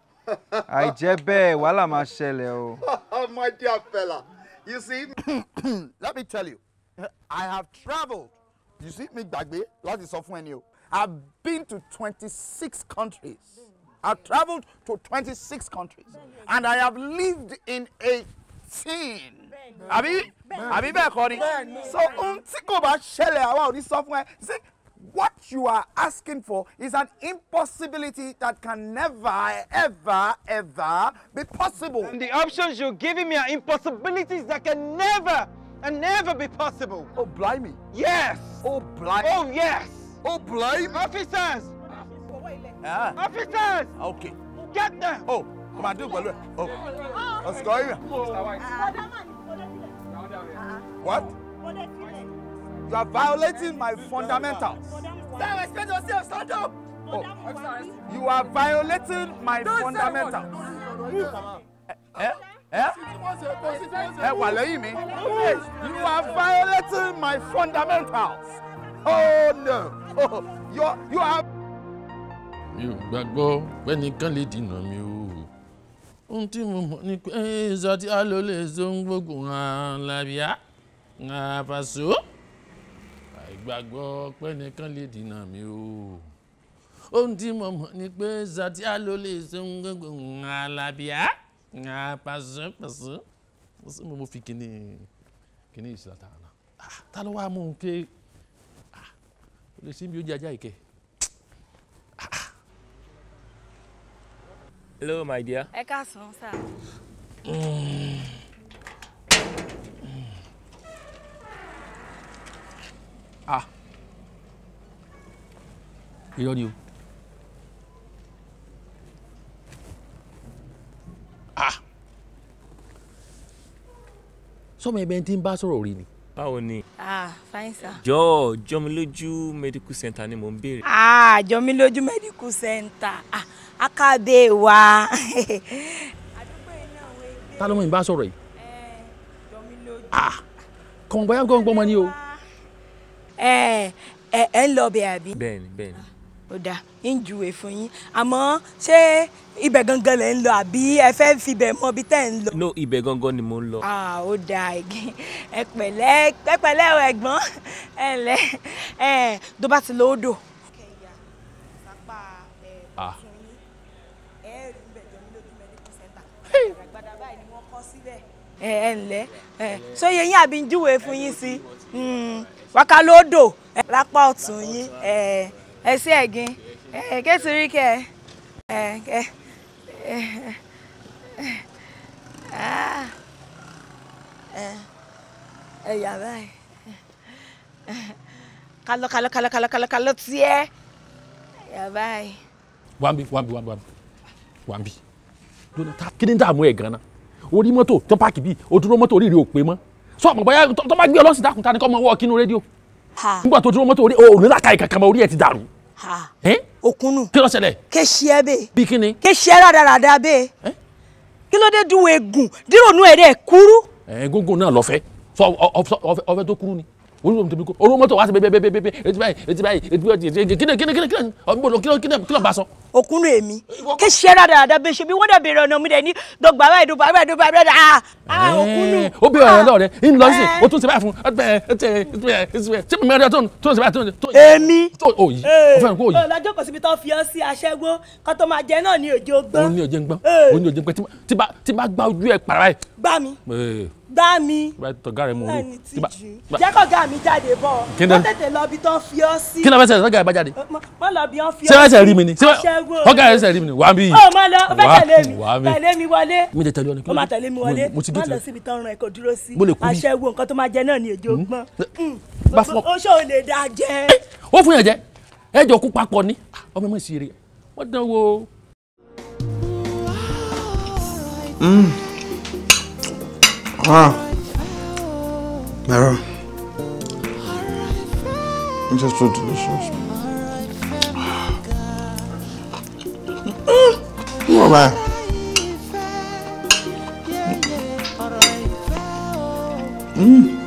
[LAUGHS] àìjẹ́ bẹ́ẹ̀ wàhálà máa ṣẹlẹ̀ o. [LAUGHS] my dear fella you see [COUGHS] let me tell you i have travelled you see mi gbàgbé láti sọ fún ẹni o i been to twenty-six countries i have travelled to twenty-six countries and i have lived in eighteen àbí àbí bẹ́ẹ̀ kọ́ ni so ohun tí kò bá ṣẹlẹ̀ àwa ò ní sọ fún ẹ sí what you are asking for is an impossibility that can never, ever, ever be possible. And the options you're giving me are impossibilities that can never and never be possible. Oh, blimey. Yes. Oh, blimey. Oh, yes. Oh, blimey. Officers. Ah. Officers. Okay. Get them. Oh, come on, do it. Oh, what's going on? What? You are violating my fundamentals. Sir, respect yourself. Stand up. Oh. You are violating my fundamentals. Eh? Eh? Eh, eh wà You are violating my fundamentals. Oh no. Oh, you you are. Mi ò gbàgbọ́ pẹ́nìkan lè dènà mi o. Ohun tí mo mọ̀ ni pé ìzọtí a lò ń gbógun hàn lábíà. Àfàṣọ́ gbàgbọ́ pẹ́nìkan lè dènà mi o ohun tí mo mọ̀ ni pé Zatia ló lè ṣe ń gbogbo àlàbíà pàṣẹpàṣẹ ṣé mo fi kíní kíní ìṣàtà àná ah, ta ló wá mú un pé ah, ó lè ṣe bí ó jẹ ajá ìkẹ́. Ah, hello my dear. ẹ káàsán sáà. ah irọ́ ni ah sọmọ ẹbẹ tí ń bá ni. ah fine sir. jọ̀ọ́ jọmilójú medical center ni mò ń béèrè. ah jọmilójú medical center ah akábẹ́ wa. ta ló mọ̀ ń sọ̀rọ̀ yìí. Eh, ah kọ̀ǹgbọ́n yá gbọ́ngbọ́n mọ́ ni o. Ah ẹ ẹ ń lọ bẹ̀ àbí. bẹ́ẹ̀ni bẹ́ẹ̀ni. ó dáa ń júwe fún yín àmọ́ ṣé ibẹ̀ gangan lẹ ń lọ àbí ẹ fẹ́ fibẹ̀ mọ ibi tẹ́ ń lọ. no ibẹ̀ gangan ni mo ń lọ. ó dáa ẹ pẹ̀lẹ́ ẹ pẹ̀lẹ́ o ẹ̀gbọ́n ẹ ǹlẹ́ ẹ tó bá ti lọ odò. ẹ ǹlẹ́ sọ yẹ yín àbí ń júwe fún yín sí Hmm, wakalódò lápá ọ̀tún yín ẹsẹ ẹ̀gìn kẹsìrí kẹ ẹ ẹyà báyìí kalọ kalọ kalọ kalọ kalọ kalọ tiẹ ẹyà báyìí. wambi wambi wambi wambi kí ni dààmú ẹ̀ gan-an orí mọ́tò tó páàkì bíi o dúró mọ́tò orí rí o pé mọ́ sọ àmọ̀ bóyá tó bá gbé ọlọ́sìn dákun ta ni kọ́ mọ owó ọkínú rédíò nígbà tó dúró mọ́tò orí òní làkà ìkàkà mọ orí ẹ̀ ti dàrú. òkúnnù kí ló ṣẹlẹ̀. kéṣì ẹ bẹ́ẹ̀. bí kíni. kéṣì ẹ rádaràda bẹ́ẹ̀. kí ló dé dùn egun dírònú ẹ̀rẹ́ kúrú. egungun náà lọ fẹ́ sọ ọfẹ tó kúrú ni orúkọ tèmi kó orúkọ mọ́tò wá sí bẹ́ẹ̀bẹ́ẹ́bẹ́ẹ́ etí báyìí etí báyìí etí báyìí kíni kíni kíni kíni ọ̀nbọ̀n kíni kíni kíni ọ̀bá sọ. òkúnnú èmi kí ṣe é rárá rárá bẹ́ẹ̀ ṣe bí wọ́n dẹ̀ béèrè ọ̀nà mi dẹ̀ ní dọ̀gba báyìí dọ̀gba báyìí dọ̀gba báyìí ah ah òkúnnú. ó bí ọ̀rẹ́ lọ́ọ̀rẹ́ ń lọ sí o tún ti báyìí fún èmi ọlọjọ kò síbi tó fi ọ sí aṣẹgbó kó tó máa jẹ náà ní òjò gbọn. òun ní òjò gbọn òun ní òjò gbọn tí bá gbá mi gbá mi láàánú tìjú jẹ́ kó gà mí jáde bọ̀ wọ́n tètè lọ bí tán fi ọ́ sí. kí ló fẹ́ sẹ́yìn ọ̀gá ẹ̀ bá jáde. wọ́n lọ bí wọ́n fi ọ́ sí. sẹ́wọ́n rí mi ni ọ̀gá ẹ̀ sẹ́yìn rí mi ni wà á bí. ó máa lọ ó fẹ́ tẹ̀lé mi tẹ̀lé mi wọlé. mi tẹ tẹ̀lé ọ ni kí ló máa tẹ̀lé mi wọlé máa lọ síbi tán ràn ẹ̀ kò dúró sí. àṣẹ wo nǹkan tó máa jẹ náà ni òjò hmm? gbọ́n. Hmm. ó ṣòwò lè dá jẹ. ó fún yàn jẹ ẹ jọ kú papọ̀ ni ọmọ mọ̀ sí rẹ̀ wọ́n dán wo. Hmm. Ah. Mero. It's just so delicious. Who am I? Mmm.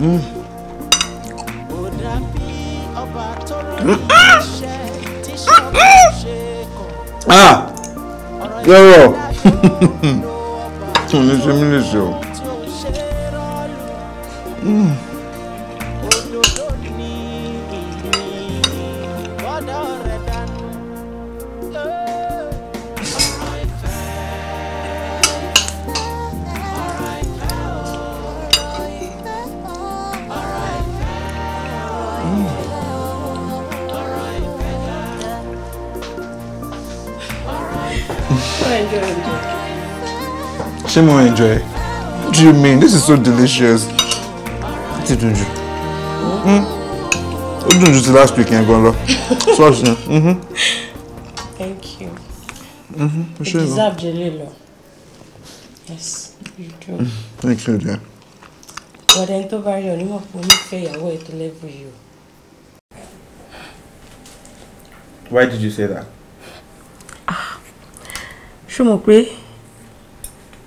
Mm. ah [LAUGHS] ṣé mo enjoy what do you mean this is so delicious ti dùn jù hmm? ó dùn jù ti last week yẹn gan lọ sauce [LAUGHS] yẹn. Mm-hmm. thank you mm-hmm. o ṣe You deserve jele lọ yes you do. Mm-hmm. thank you dear. But then to rí ọ nímọ̀ pé o nífẹ̀ẹ́ ìyàwó ẹ̀ tó lẹ́bù yìí why did you say that. Ah. ṣé mo pé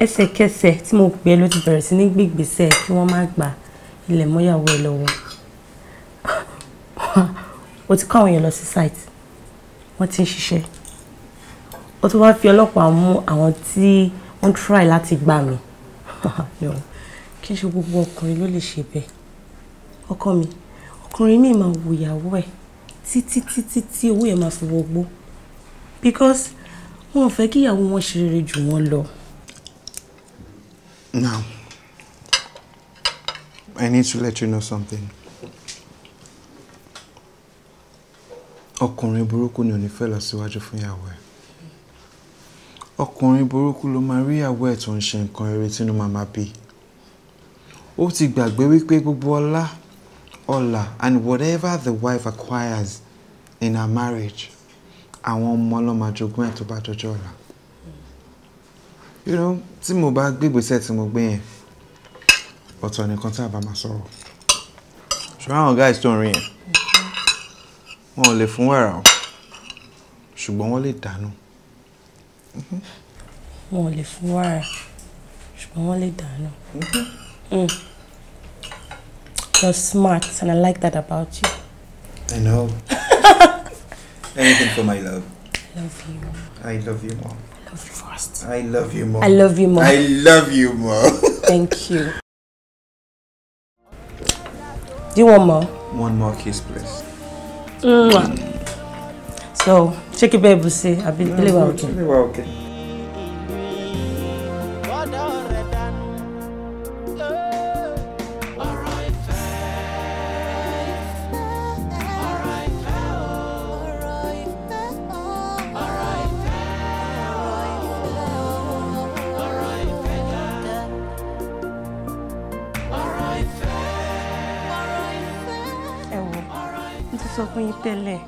ẹsẹ̀kẹsẹ̀ tí mo pè é ló ti bẹ̀rẹ̀ sí ní gbígbèsè kí wọ́n má gba ilẹ̀ mọ́yàwó ẹ lọ́wọ́ [LAUGHS] o ti kó àwọn èèyàn lọ sí site wọ́n ti ń ṣiṣẹ́ o tún wáá fi ọlọ́pàá mú àwọn tí wọ́n ń try láti gbà mí [LAUGHS] kí n ṣe gbogbo ọkùnrin ló lè ṣe bẹ́ẹ̀ ọkọ mi ọkùnrin mi máa wo ìyàwó ẹ̀ títí títí tí owó yẹn máa fi wọgbó because wọn ò fẹ́ kí ìyàwó wọn ṣe rere jù wọn lọ. Now, I need to let you know something. Ọkùnrin burúkú ni ò ní fẹ́ lọ síwájú fún ìyàwó ẹ̀. Ọkùnrin burúkú ló máa rí ìyàwó ẹ̀ tó ń ṣe nǹkan rere tínú màmá bí. Ó ti gbàgbé wípé gbogbo ọlá, ọlà and whatever the wife acquires in her marriage, àwọn ọmọ ló máa jogún ẹ̀ tó bá dọjọ́ ọ̀la you know tí mo bá gbé ìgbésẹ̀ tí mo gbé yẹn ọ̀tọ̀ nìkan tí a bá máa sọ̀rọ̀ ṣùgbọ́n àwọn guys tó ń rí yẹn wọn ò lè fún wàrà o ṣùgbọ́n wọ́n lè dànù. wọn ò lè fún wàrà ṣùgbọ́n wọ́n lè dànù. Mm. You're smart and I like that about you. I know. [LAUGHS] Anything for my love. I love you. I love you more love you first. I love you more. I love you more. I love you more. [LAUGHS] Thank you. Do you want more? One more kiss, please. Mm. So, check it, baby. See, I've been really well. Really well, okay. tẹ́lẹ̀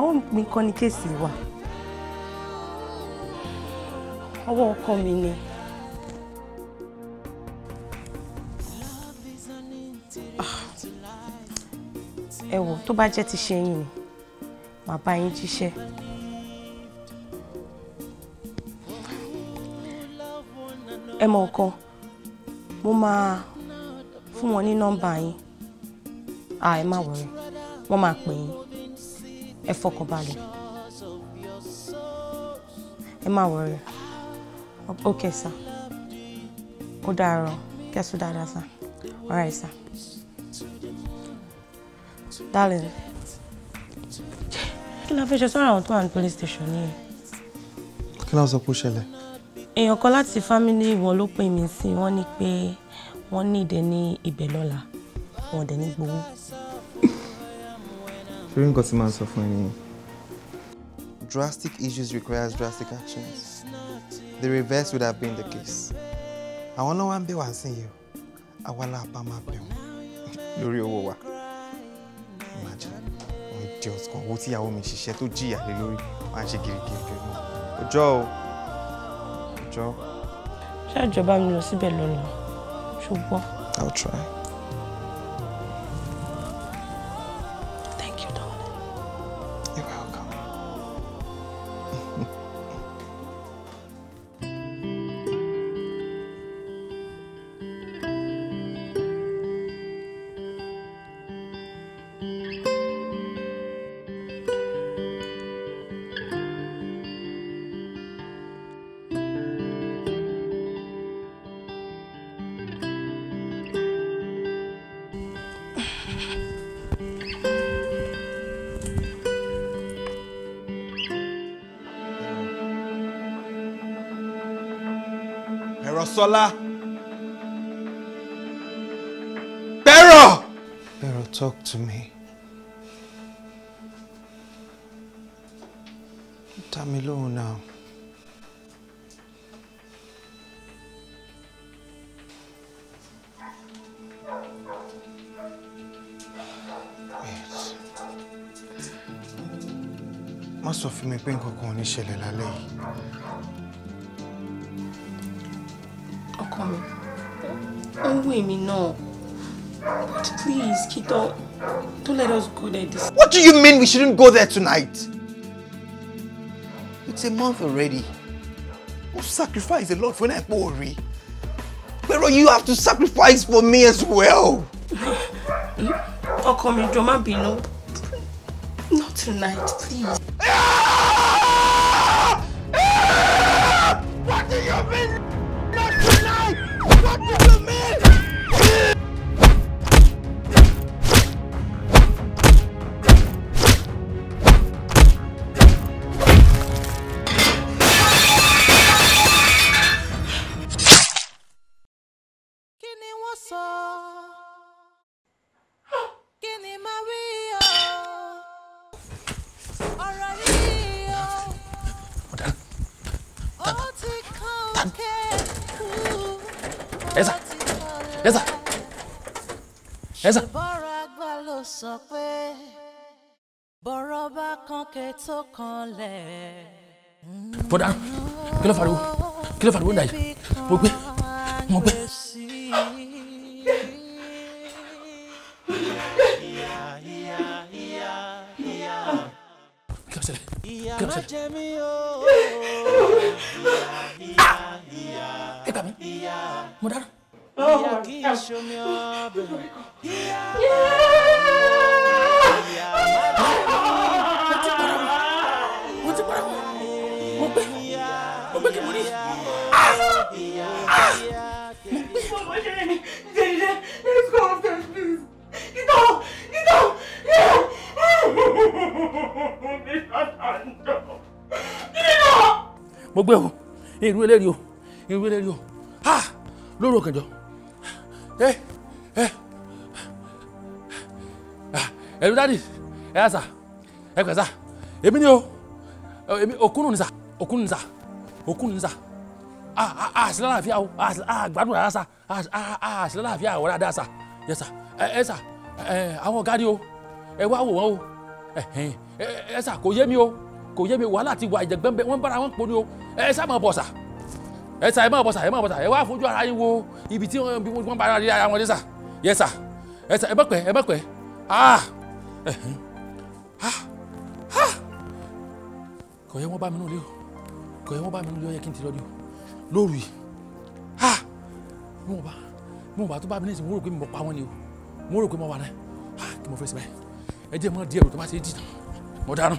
ọwọ́ mi kọ́ ni kéèsì wà ọwọ́ ọkọ mi ni. Ah. ẹ wò tó bá jẹ́ ti ṣe yín ni màá bá yín jíṣẹ́. ẹ mọ nǹkan mo máa fún wọn ní nọ́mbà yín ah, ẹ má wọrí wọ́n máa pè yín ẹ fọkàn balẹ̀ ẹ má wọrẹ ok sir ó dàárọ̀ kẹsùn dáadáa sir alright sir darling kí la fẹ́ ṣe sọ́ra àwọn tó wà ní police station yìí. kí ló ń sọ pé ó ṣẹlẹ̀. èèyàn kan láti family wọn ló pè mí sí wọn ní pé wọ́n ní ìdẹ ní ibẹ̀ lọ́la wọn ò ní gbowó ṣé nǹkan tí Drastic issues requires drastic actions. The reverse would have been the case. I náà wá ń bẹ̀ wá sí yìí o, àwa là bá máa bẹ̀ wọ́n lórí Imagine, wọ́n di ọ̀sán owó tíyàwó mi ṣiṣẹ́ tó jìyà lé lórí, wọ́n á ṣe gírígírí pẹ̀lú Joe. Ọjọ́ o, I'll try. ṣẹlẹ̀ lálẹ́ yìí. ọkọ mi ó ń wù mí náà but please Kido don't let us go there this. What do you mean we shouldn't go there tonight? It's a month already. Who sacrificed a lot for that boy? Pero, you have to sacrifice for me as well. [LAUGHS] ọkọ mi jọ̀ọ́ má bínú. Not tonight, please. tó kanlẹ̀. bọ́dà kí ló fariwo kí ló fariwo dà yìí mo gbé mo gbé. gbé o irú eléyìí o irú eléyìí o ha lóru òkànjọ ẹ ẹ ẹ̀rú dáàdì ẹ̀ ẹ̀ sà ẹ̀ pẹ̀ sà èmi ni o èmi òkúnnù ni sà òkúnnù ni sà òkúnnù ni sà a sì lálàáfíà o a gbádùn rárá sà a sì lálàáfíà àwọn dáadáa sà yẹ sà ẹ sà àwọn ọ̀gá ni o ẹ wá wò wọ́n o ẹ sà kò yé mi o kò yé mi wàhálà ti wà ìjẹ̀gbẹ́ bẹ wọ́n bára wọn pò ní o ẹ sá máa bọ̀ sà ẹ sà ẹ máa bọ̀ sà ẹ máa bọ̀ ẹ wá fojú ara yín wo ibi tí wọ́n bí wọ́n bára rí ara wọn dé sà yẹ sà ẹ sà ẹ má pẹ́ ẹ má pẹ́ ah, ah! ah! kò yẹ wọ́n bá mi nù lé o kò yẹ wọ́n bá mi nù lé o yẹ kí n ti lọ ní o lóru yìí ah mi ò bá mo wà tó bá mi ní ìsìn mo rò pé mo pa wọn ni o mo rò pé mo wà náà ah! kí mo fẹ́ sí báyìí ẹ jẹ́ mọ́ díẹ̀ rò tó bá ṣe dì mo dáná.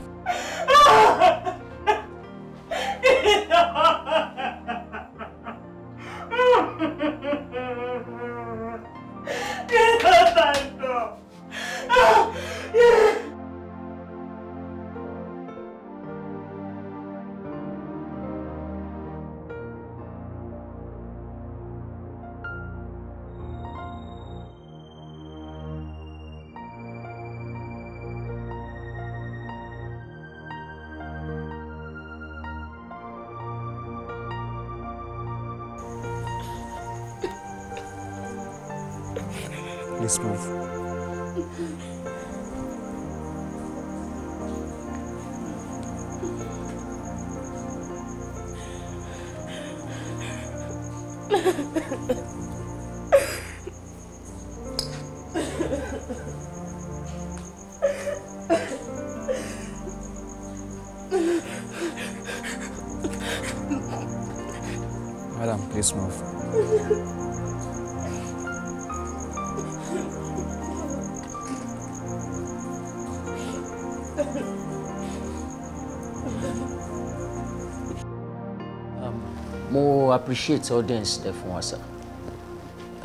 appreciate audience tẹ fún sir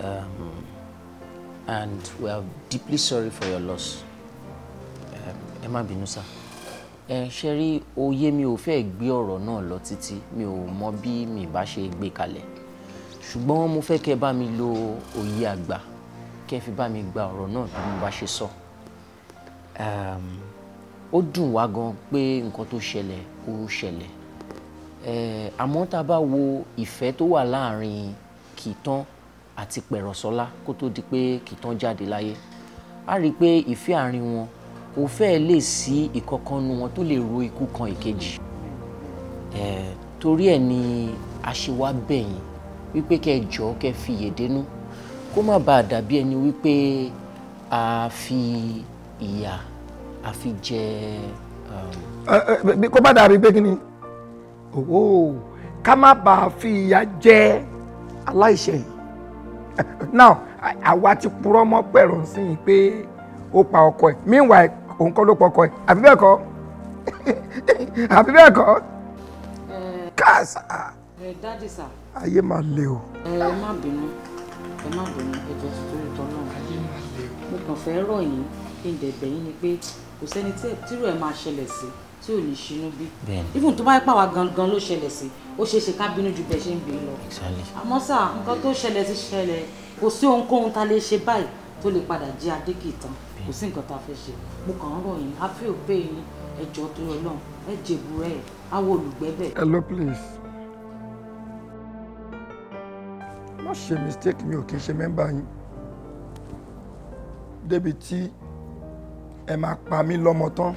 um, and we are deeply sorry for your loss Emma um, má bínú sir ẹ ṣe rí oyé mi ò fẹ́ gbé ọ̀rọ̀ náà lọ títí mi ò mọ bí mi bá mo fẹ́ kẹ́ bá mi lo òye àgbà kẹ́ fi bá mi gba ọ̀rọ̀ náà bí mo bá ṣe sọ um, ó dùn wá gan pé nǹkan tó Eh, àmọ́ tá a bá wo ìfẹ́ tó wà láàrin Kìtán àti Pẹ̀rọ̀sọ́lá kó tó di pé Kìtán jáde láyé a rí i pé ìfẹ́ àárín wọn kò fẹ́ẹ́ lè sí ìkọ̀kọ̀nù wọn tó lè ro ikú kan ìkejì eh, torí ẹ̀ ni a bẹ̀yìn wípé kẹ́ jọ kẹ́ fi yèdénú kó má bàa dàbí ẹni wípé a fi ìyà a fi jẹ. Um, eh, kó má dàbí pé kí ni owó ká má bàa fi ìyà jẹ aláìṣẹ̀ yìí [LAUGHS] now àwa ti purọ́ mọ́ pẹ̀rọ sí i pé ó pa ọkọ ẹ̀ meanwhile òun kọ́ ló pa ọkọ ẹ̀ àbí bẹ́ẹ̀ kọ́ [LAUGHS] àbí bẹ́ẹ̀ kọ́ eh, káàsà. ẹ eh, dáàdì sà. ayé máa le o. Eh, ẹ má bínú ẹ má bínú ẹjọ́ tuntun tọ náà mo kàn fẹ́ rọ̀ yín kí n dẹ̀bẹ̀ yín ni pé kò sẹ́ni tí ìrù ẹ̀ máa ṣẹlẹ̀ sí i tí ò ní ṣinú bí even tó bá yẹ pàwá gangan ló ṣẹlẹ̀ sí ó ṣeé ṣe ká bínú ju bẹ́ẹ̀ ṣe ń gbé lọ àmọ́ sà nǹkan tó ṣẹlẹ̀ sí ṣẹlẹ̀ kò sí ohunkóhun tá a lè ṣe báyìí tó lè padà jí adékì tán kò sí nǹkan tá a fẹ́ ṣe mo kàn ń rọ̀ yín àfi òpè yín ẹjọ́ tó yọ náà ẹ jèbù rẹ àwọn olùgbẹ́bẹ̀. hello please má ṣe mistake mi ò kì í ṣe mẹ́mbà yín débi tí ẹ máa pa mí lọ́mọ tán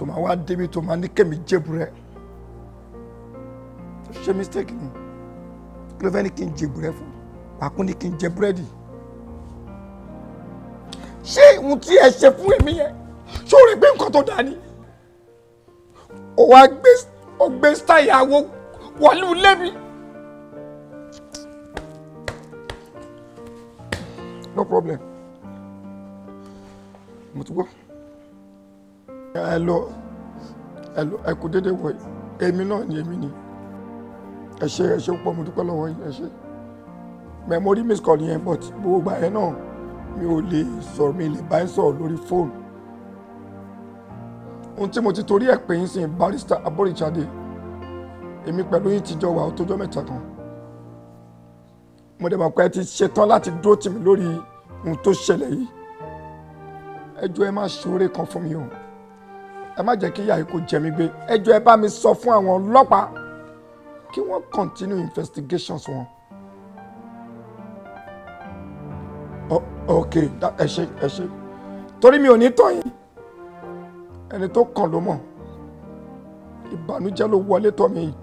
tó máa wá débi tó máa ní kẹ́mi jébù rẹ ṣe mistake ni kí ló fẹ́ ní kí n jébù rẹ fún pàkún ní kí n jẹ búrẹ́dì ṣé ohun tí ẹ ṣe fún èmi yẹn ṣé o rí pé nǹkan tó dáa ni ó gbé ó gbé wo wọlé lẹ́bi. no problem mo ti gbọ́ ẹ lọ ẹ lọ ẹ kú déédéé wọ èmi náà ni èmi ni ẹ ṣe ẹ ṣe pọ̀ mo dúpẹ́ lọ́wọ́ yín ẹ ṣe mẹ miss call yẹn but gbogbo ìgbà yẹn náà mi ò lè sọ̀rọ̀ mi lè bá yín sọ̀rọ̀ lórí fóònù ohun tí mo ti torí ẹ̀ pè yín sí barista aborijade èmi pẹ̀lú yín ti jọ wà ó tójọ́ mẹ́ta kan mo dẹ̀ mọ̀ pé ẹ ti ṣetán láti dúró tì mí lórí ohun tó ṣẹlẹ̀ yìí ẹ ẹ má ṣoore kan fún mi o ẹ má jẹ́ kí ìyá yìí kó jẹ mí gbé ẹ jọ̀ọ́ ẹ bá mi sọ fún àwọn ọlọ́pàá kí wọ́n continue investigations wọn. ok ẹ ṣe ẹ ṣe torí mi ò ní tọ́ yín ẹni tó kàn ló mọ̀ ìbànújẹ́ ló wọlé tọ̀ mí yìí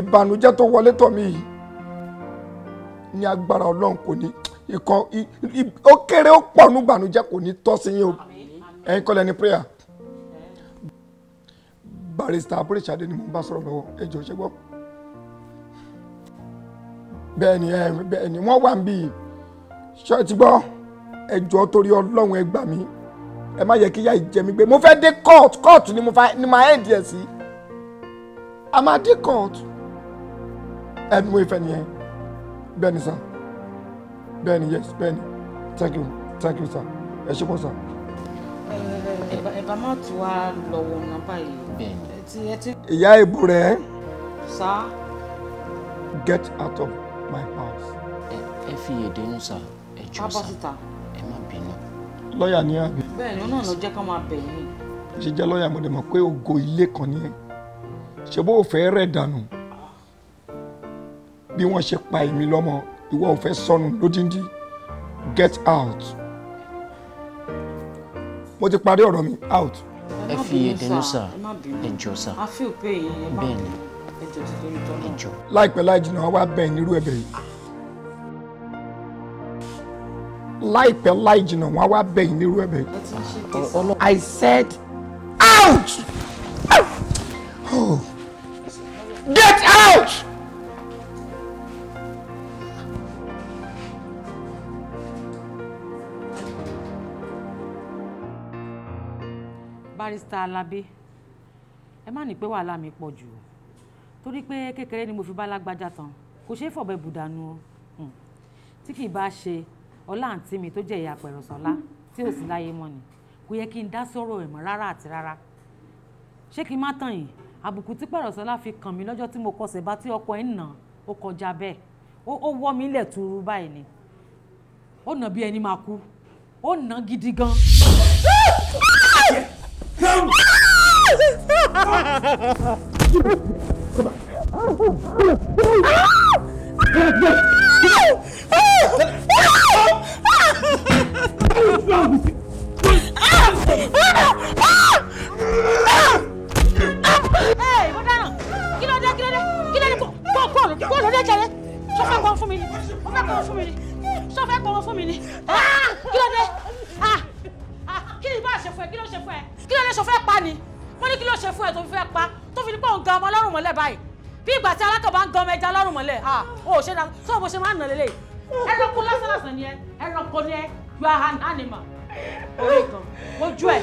ìbànújẹ́ tó wọlé tọ̀ mí yìí ní agbára ọlọ́run kò ní ìkan ó kéré ó pọ̀ nú ìbànújẹ́ kò ní tọ́ sí yín o ẹ̀yin kọ́lẹ̀ ní prayer barista abúrèṣàdé ni mo ń bá sọ̀rọ̀ lọ́wọ́ ẹjọ́ ṣe gbọ́. bẹ́ẹ̀ ni bẹ́ẹ̀ ni wọ́n wà ń bí ṣọ́ ti gbọ́ ẹjọ́ torí ọlọ́run ẹ gbà mí ẹ má yẹ kí yá ìjẹ mi gbé mo fẹ́ dé court court ni mo fa ni ma end yẹ sí a máa dé court ẹnu mo ìfẹ́ nìyẹn bẹ́ẹ̀ ni sir bẹ́ẹ̀ ni yes bẹ́ẹ̀ ni thank you thank you sir ẹ ṣe pọ̀ sir ká má tù wá lọ́wọ́ náà báyìí. ìyá ìbò rẹ̀. sá. get out of my house. ẹ fi èdè ń sà ẹ jọ sà ẹ má bínú. lọ́ọ̀yà ni àbí. bẹ́ẹ̀ni ó náà ló jẹ́ ká máa bẹ̀ yín. ṣe lọ́ọ̀yà mo dẹ̀ mọ̀ pé ògo ilé kan nìyẹn ṣe bó o fẹ́ rẹ̀ dànù bí wọ́n ṣe pa èmi lọ́mọ ìwọ ò fẹ́ sọnù lódìndín get out mo ti parí ọ̀rọ̀ mi out. ẹ fi ìdẹnu sà ẹjọ sà bẹ́ẹ̀ ni ẹjọ. láìpẹ́ láì jìnnà wá bẹ́ẹ̀ nírú ẹ̀bẹ̀ yìí láìpẹ́ láì jìnnà wọ́n á wá bẹ̀yìn nírú ẹ̀bẹ̀. I said out! Oh. Get out! barista alábí ẹ má ní pé wàhálà mi pọ̀ jù torí pé kékeré ni mo fi bá lágbájá tán kò ṣeé fọ̀bẹ bùdànù o hmm. tí kì í bá ṣe ọlá àǹtí mi tó jẹ́ ìyá pẹ̀rọ̀sọ́lá tí ò sí láyé mọ́ ni kò yẹ kí n dá sọ̀rọ̀ ẹ̀ mọ́ rárá àti rárá ṣé kí n má tàn yín àbùkù tí pẹ̀rọ̀sọ́lá fi kàn mí lọ́jọ́ tí mo kọsẹ̀ bá tí ọkọ ẹ̀ ń nà ó kọjá bẹ́ẹ̀ ó wọ́ mi lẹ̀ tuuru báyìí ni ó nà bí ẹni máa kú ó nà gidi gan. Come Kí ló dé, ah, kí ló ah, ah, kí ni. Ó fẹ́ ṣe fún ẹ? Kí ló ṣe fún ẹ? kí ló lè ṣe fẹ́ pa ni wọ́n ní kí ló ṣe fún ẹ tó fi fẹ́ pa tó fi ní pé òun gan ọmọ ọlọ́run mọ́lẹ̀ báyìí bí ìgbà tí alákọ̀ọ́bá ń gan ọmọ ẹja ọlọ́run mọ́lẹ̀ ha o ò ṣe na tó bó ṣe máa ń nà lélẹ̀ ẹranko lásánlàsàn ni ẹ ẹranko ni ẹ you are an animal orí gan ojú ẹ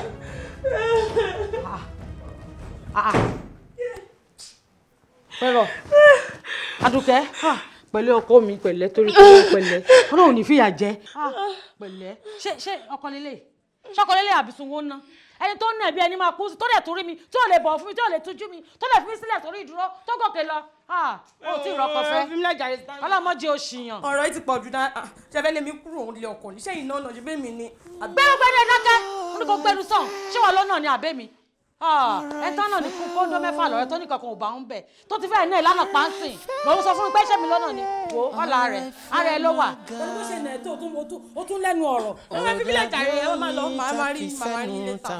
pẹ̀rọ adùkẹ́ pẹ̀lẹ́ ọkọ mi pẹ̀lẹ́ torí pẹ̀lẹ́ ọlọ́run ní fìyà jẹ pẹ̀lẹ́ ṣé ṣé ọkọ lélẹ̀ ṣọkọ lélẹ̀ àbísùn wọn náà ẹni tó nà bí ẹni máa kú tó lè tún rí mi tó lè bọ̀ fún mi tó lè tújú mi tó lè fi mí sílẹ̀ sórí ìdúró tó gòkè lọ ó tí ì rọkọ ọlọ́mọdé o ṣìyàn. ọ̀rọ̀ yìí ti pọ̀ jù náà ṣẹfẹ́ lèmi kúrò òun lè ọkọ̀ níṣẹ́ ìnáwó náà ṣe bẹ́ẹ̀ mi ni. gbẹ́rù ẹ̀ dákẹ́ oníkó gbẹ́rù sàn ṣé wọn lọ́nà ni àbẹ́ mi Ah, ẹtọ́ náà ní kóńdó mẹ́fà lọ́rẹ́ tó ní kankan ò bá ń bẹ̀ tó ti fẹ́ẹ̀ náà ìlànà pàǹsìn lòun sọ fún pé ṣé lọ́nà ni wò ó kọ́la rẹ̀ ara ẹ ló wà. olùkọ́ ṣe nà ètò ó tún lẹ́nu ọ̀rọ̀. ẹ máa fi bílẹ̀ jàre ẹ máa lọ màmá rí màmá rí ilé ta ẹ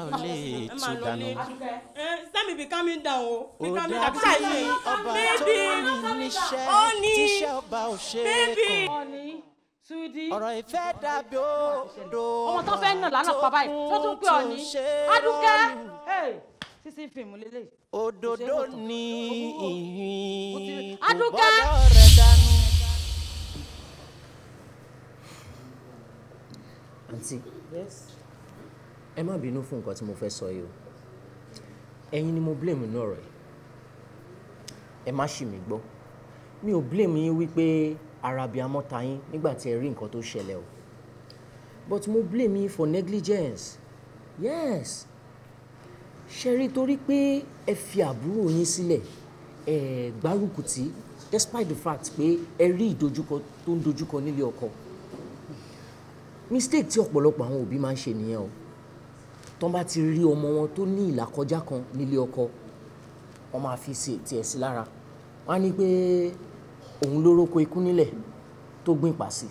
máa lọ ní. sẹ́mi bí kámi dàn o bí kámi dàn bísà yìí bébì bébì ọ̀rọ̀ ìfẹ́ dàbí odò ọmọ tó fẹ́ nà lánàá pa báyìí tó tún pé ọ̀ní adúkẹ́ sísí fìmù lélẹ̀. òdòdó ni àǹtí ẹ má bínú fún nǹkan tí mo fẹ́ sọ yìí o ẹ̀yin ni mo blame náà rẹ̀ ẹ má ṣì mí gbọ́ mi ò blame yín wípé ara bíi amọ́ta yín nígbà tí ẹ rí nǹkan tó ṣẹlẹ̀ o but mo blame yín for negligence yes ṣe rí torí pé ẹ fi àbúrò yín sílẹ̀ ẹ gbárùkù despite the fact pé ẹ rí ìdojúkọ tó ń dojúkọ nílé ọkọ mistake tí ọ̀pọ̀lọpọ̀ àwọn òbí máa ń ṣe nìyẹn o tọ́n bá ti rí ọmọ wọn tó ní ìlàkọjá kan nílé ọkọ wọ́n máa fi tiẹ̀ sí lára wọ́n á ní pé òun ló róko ikú nílẹ̀ tó gbìn pàṣẹ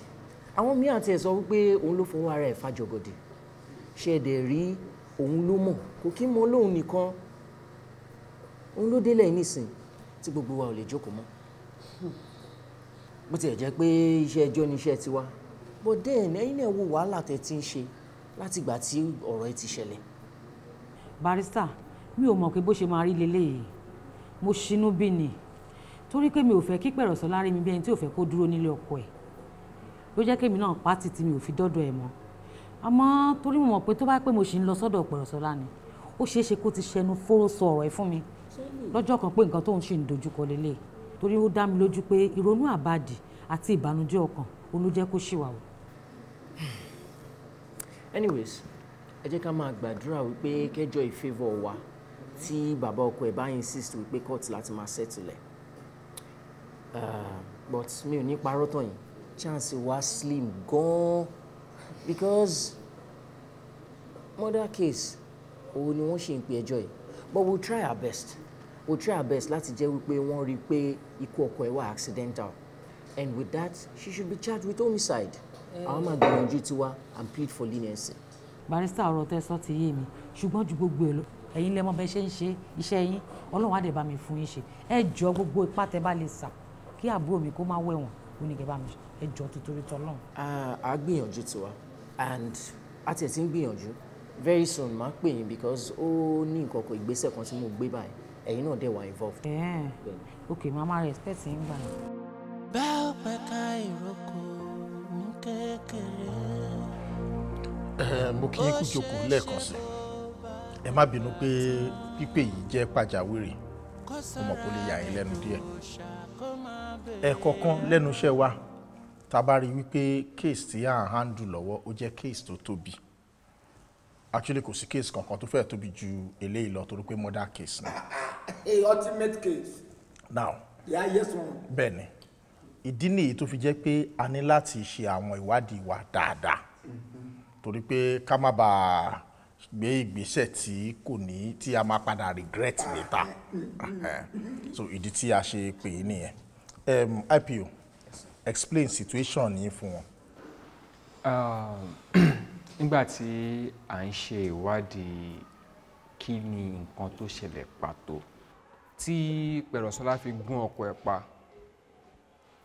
àwọn míì àti ẹ̀ sọ wípé òun ló fọwọ́ ara ẹ̀ fàjọgọdì ṣe é dẹ̀ rí òun ló mọ̀ kò kí mọ lóun nìkan òun ló délẹ̀ nísìn tí gbogbo wa ò lè jókòó mọ́ bó tiẹ̀ jẹ́ pé iṣẹ́ ẹjọ́ ni iṣẹ́ tiwa but then ẹ̀yin náà wo wàhálà tẹ́ ti ń ṣe látìgbà tí ọ̀rọ̀ ẹ ti ṣẹlẹ̀. barista mi ò mọ̀ pé bó ṣe máa rí leléyìí mo ṣinú bí ni torí pé mi ò fẹ́ kí pẹ̀rọ̀sọ láre mi bí ẹni tí ò fẹ́ kó dúró nílé ọkọ ẹ̀ ló jẹ́ kémi náà pátì tí mi ò fi dọ́dọ̀ ẹ̀ mọ́ àmọ́ torí mo mọ̀ pé tó bá pé mo sì ń lọ sọ́dọ̀ pẹ̀rọ̀sọ lánàá ó ṣeé ṣe kó ti ṣẹnu fóró sọ ọ̀rọ̀ ẹ̀ fún mi lọ́jọ́ kan pé nǹkan tóun ṣì ń dojúkọ lélẹ̀ torí ó dá mi lójú pé ìrònú àbàdì àti ìbànújẹ́ ọkàn olú jẹ́ kó ṣì wà o. anyways ẹ jẹ́ ká máa gbàdúrà wípé kẹjọ ìfẹ́vọ̀ wa tí bàbá ọkọ ẹ̀ bá insist wípé court láti máa ṣẹ́tìlẹ̀ Ah, but mi ò ní parọ́ tán yìí chance wa slim gan because murder case òun ni wọ́n ṣe ń pe ẹjọ́ yìí but we'll try our best we'll try our best láti jẹ́ wípé wọ́n rí i pé ikú ọkọ ẹ̀ wà accidental and with that she should be charged with homicide eh. àwọn máa gbìyànjú tiwa and plead for leniency. barista ọ̀rọ̀ tẹ́ sọ ti yé mi ṣùgbọ́n ju gbogbo ẹ̀ lọ ẹ̀yin lẹ́mọ̀ bẹ́ẹ̀ ṣe ń ṣe iṣẹ́ yín ọlọ́run á dẹ̀ bá mi fún yín ṣe ẹ jọ gbogbo ipá tẹ́ bá lè sà kí àbúrò mi kó má wẹ̀wọ̀n ó ní kẹ́bá mi ẹjọ́ títorí tọ́lọ́run. a gbìyànjú tiwa and a tiẹ̀ ti ń gbìyànjú very soon máa pè yín because ó ní nǹkan kan ìgbésẹ̀ kan tí mo gbé báyìí ẹ̀yin náà dẹ̀ wà involved. ok mama respect yín gbà. bá a pẹ́ ká ìrókò ní kékeré. mo kí yín kú jókòó lẹ́ẹ̀kan sí ẹ má bínú pé pípé yìí jẹ́ pàjáwìrì mo mọ̀ lè yà yín lẹ́nu díẹ̀ ẹ̀ẹ̀kọ̀kan lẹ́nu iṣẹ́ wa tá bá rí wípé case tí à ń handle lọ́wọ́ ó jẹ́ case tó tóbi actually kò sí case kankan tó fẹ́ẹ̀ tóbi ju eléyìí lọ torí pé murder case ni. a ultimate case. now yeah, yes, bẹ́ẹ̀ ni ìdí nìyí tó fi jẹ́ pé a ní láti ṣe àwọn ìwádìí wa dáadáa mm-hmm. torí pé ká má bàa gbé ìgbésẹ̀ tí kò ní tí a máa padà regret níta mm, mm, mm, eh, so ìdí tí a ṣe pè é nìyẹn um, IPO explain situation yìí fún wọn. Ah, [CLEARS THROAT] nígbà tí a ń ṣe ìwádìí kí ni nǹkan tó ṣẹlẹ̀ pàtó tí pẹ̀rọ̀sọ́lá fi gún ọkọ ẹ̀ pa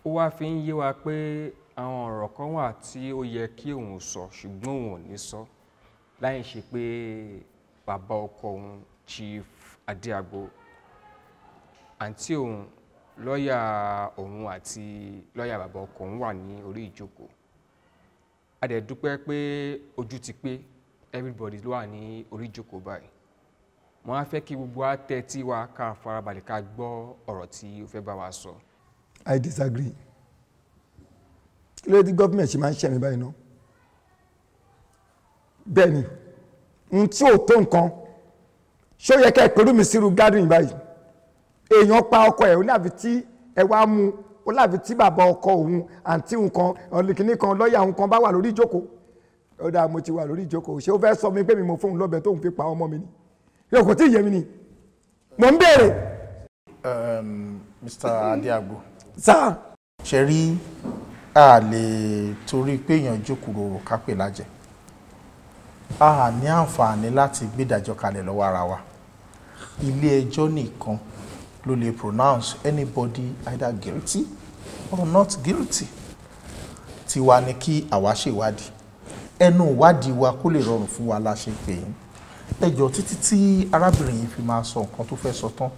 ó wá fi ń yé wa pé àwọn ọ̀rọ̀ kan wà tí ó yẹ kí òun sọ ṣùgbọ́n òun ò ní sọ. So láyìn ṣe pé bàbá ọkọ òun Chief Adéagbo àǹtí òun lọ́ọ̀yà òun àti lọ́ọ̀yà bàbá ọkọ òun wà ní orí ìjókòó a pé ojú ti pé everybody ló wà ní orí ìjókòó báyìí mo á fẹ́ kí gbogbo wa tẹ́tí wa ká farabalẹ̀ ká gbọ́ ọ̀rọ̀ tí o fẹ́ bá wa sọ. I disagree kí ló dé tí gọ́fìmẹ̀ ṣe máa ń ṣẹ̀mí báyìí náà bẹ́ẹ̀ ni n tí ò tó nǹkan ṣó yẹ kẹ́ ẹ pẹ̀lú mi sírú gádùn báyìí èèyàn pa ọkọ ẹ̀ ó láfi tí ẹ wá mú ó láfi tí bàbá ọkọ òun àǹtí nǹkan ọ̀nìkìnní kan lọ́ọ̀yà nǹkan bá wà lórí ìjókòó ọ̀dà mo ti wà lórí ìjókòó ṣé o fẹ́ sọ mi pé mi mo fóun lọ́bẹ̀ tóun fi pa ọmọ mi ni yóò kò tí ì yé mi ni mò ń béèrè. Mr. Adiagbo. ṣe rí a lè torí pé èèyàn jókòó kápẹ́ lájẹ́ a ní àǹfààní láti gbédájọ́ kalẹ̀ lọ́wọ́ ara wa ilé ẹjọ́ nìkan ló lè pronounce anybody either guilty or not guilty tiwa ni kí àwa ṣèwádìí ẹnu ìwádìí wa kó lè rọrùn fún wa la ṣe pè yín ẹjọ́ títí tí arábìnrin yìí fi máa sọ nǹkan tó fẹ́ sọ tán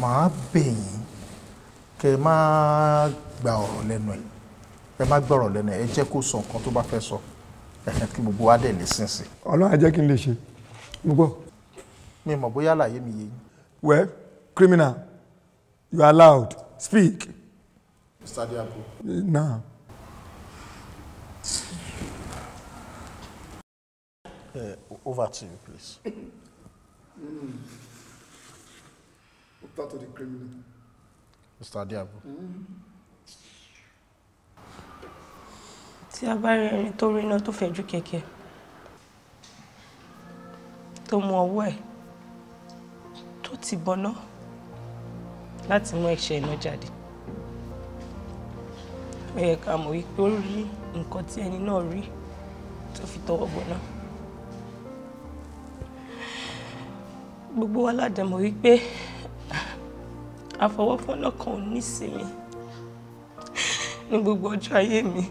màá bẹ̀ yín má gba ọ̀rọ̀ lẹ́nu ẹ̀ kẹ́ má gbọ́rọ̀ lẹ́nu ẹ jẹ́ kó sọ nǹkan tó bá fẹ́ sọ. So kí gbogbo wa dẹ̀ lè sìn sí. ọlọ́run á kí n lè ṣe mo gbọ́. mi mọ̀ bóyá àlàyé mi yé well criminal you are loud speak. mr diabo. now. Uh, over to you, please. Mm. Over to the criminal. Mr. Diabo. Mm. tí a bá rí ẹni tó rí iná tó fẹ̀jú kẹ̀kẹ́ tó mú ọwọ́ ẹ̀ tó ti bọná láti mú ẹ̀ṣẹ̀ iná jáde ó yẹ ká mọ̀ wípé ó rí nǹkan tí ẹni náà rí tó fi tọwọ́ bọná gbogbo wa ládàmọ̀ wípé àfọwọ́fọ́nà kan ò ní sinmi ní gbogbo ọjọ́ ayé mi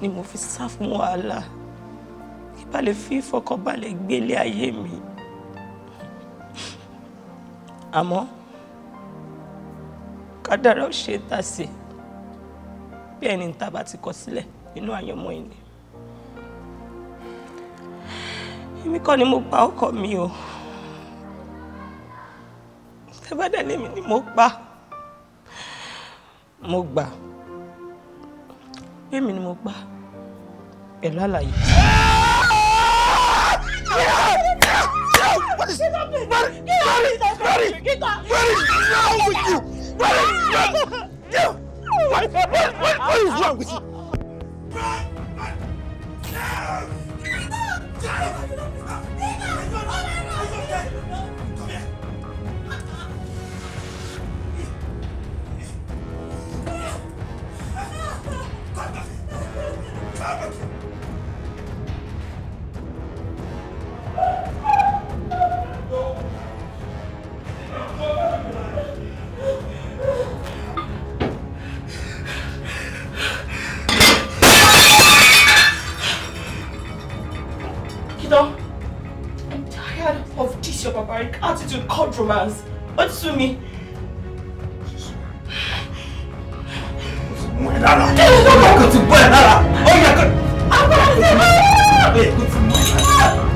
ni mo fi sá fún wàhálà kí bá lè fi ìfọkànbalẹ̀ gbélé ayé mi àmọ́ kádàrá ò ṣe é tà sí bí ẹni ń ta bá ti kọ sílẹ̀ nínú àyànmọ́ ẹni èmi kọ́ ni mo pa ọkọ mi o tẹ́bádẹ́ ni mo pa mo gbà èmi ni mo pa pẹ̀lú àlàyé. What is wrong with you? romance. What to me? Mo ẹ̀ dára. Mo kàn ti gbọ́ ẹ̀ dára.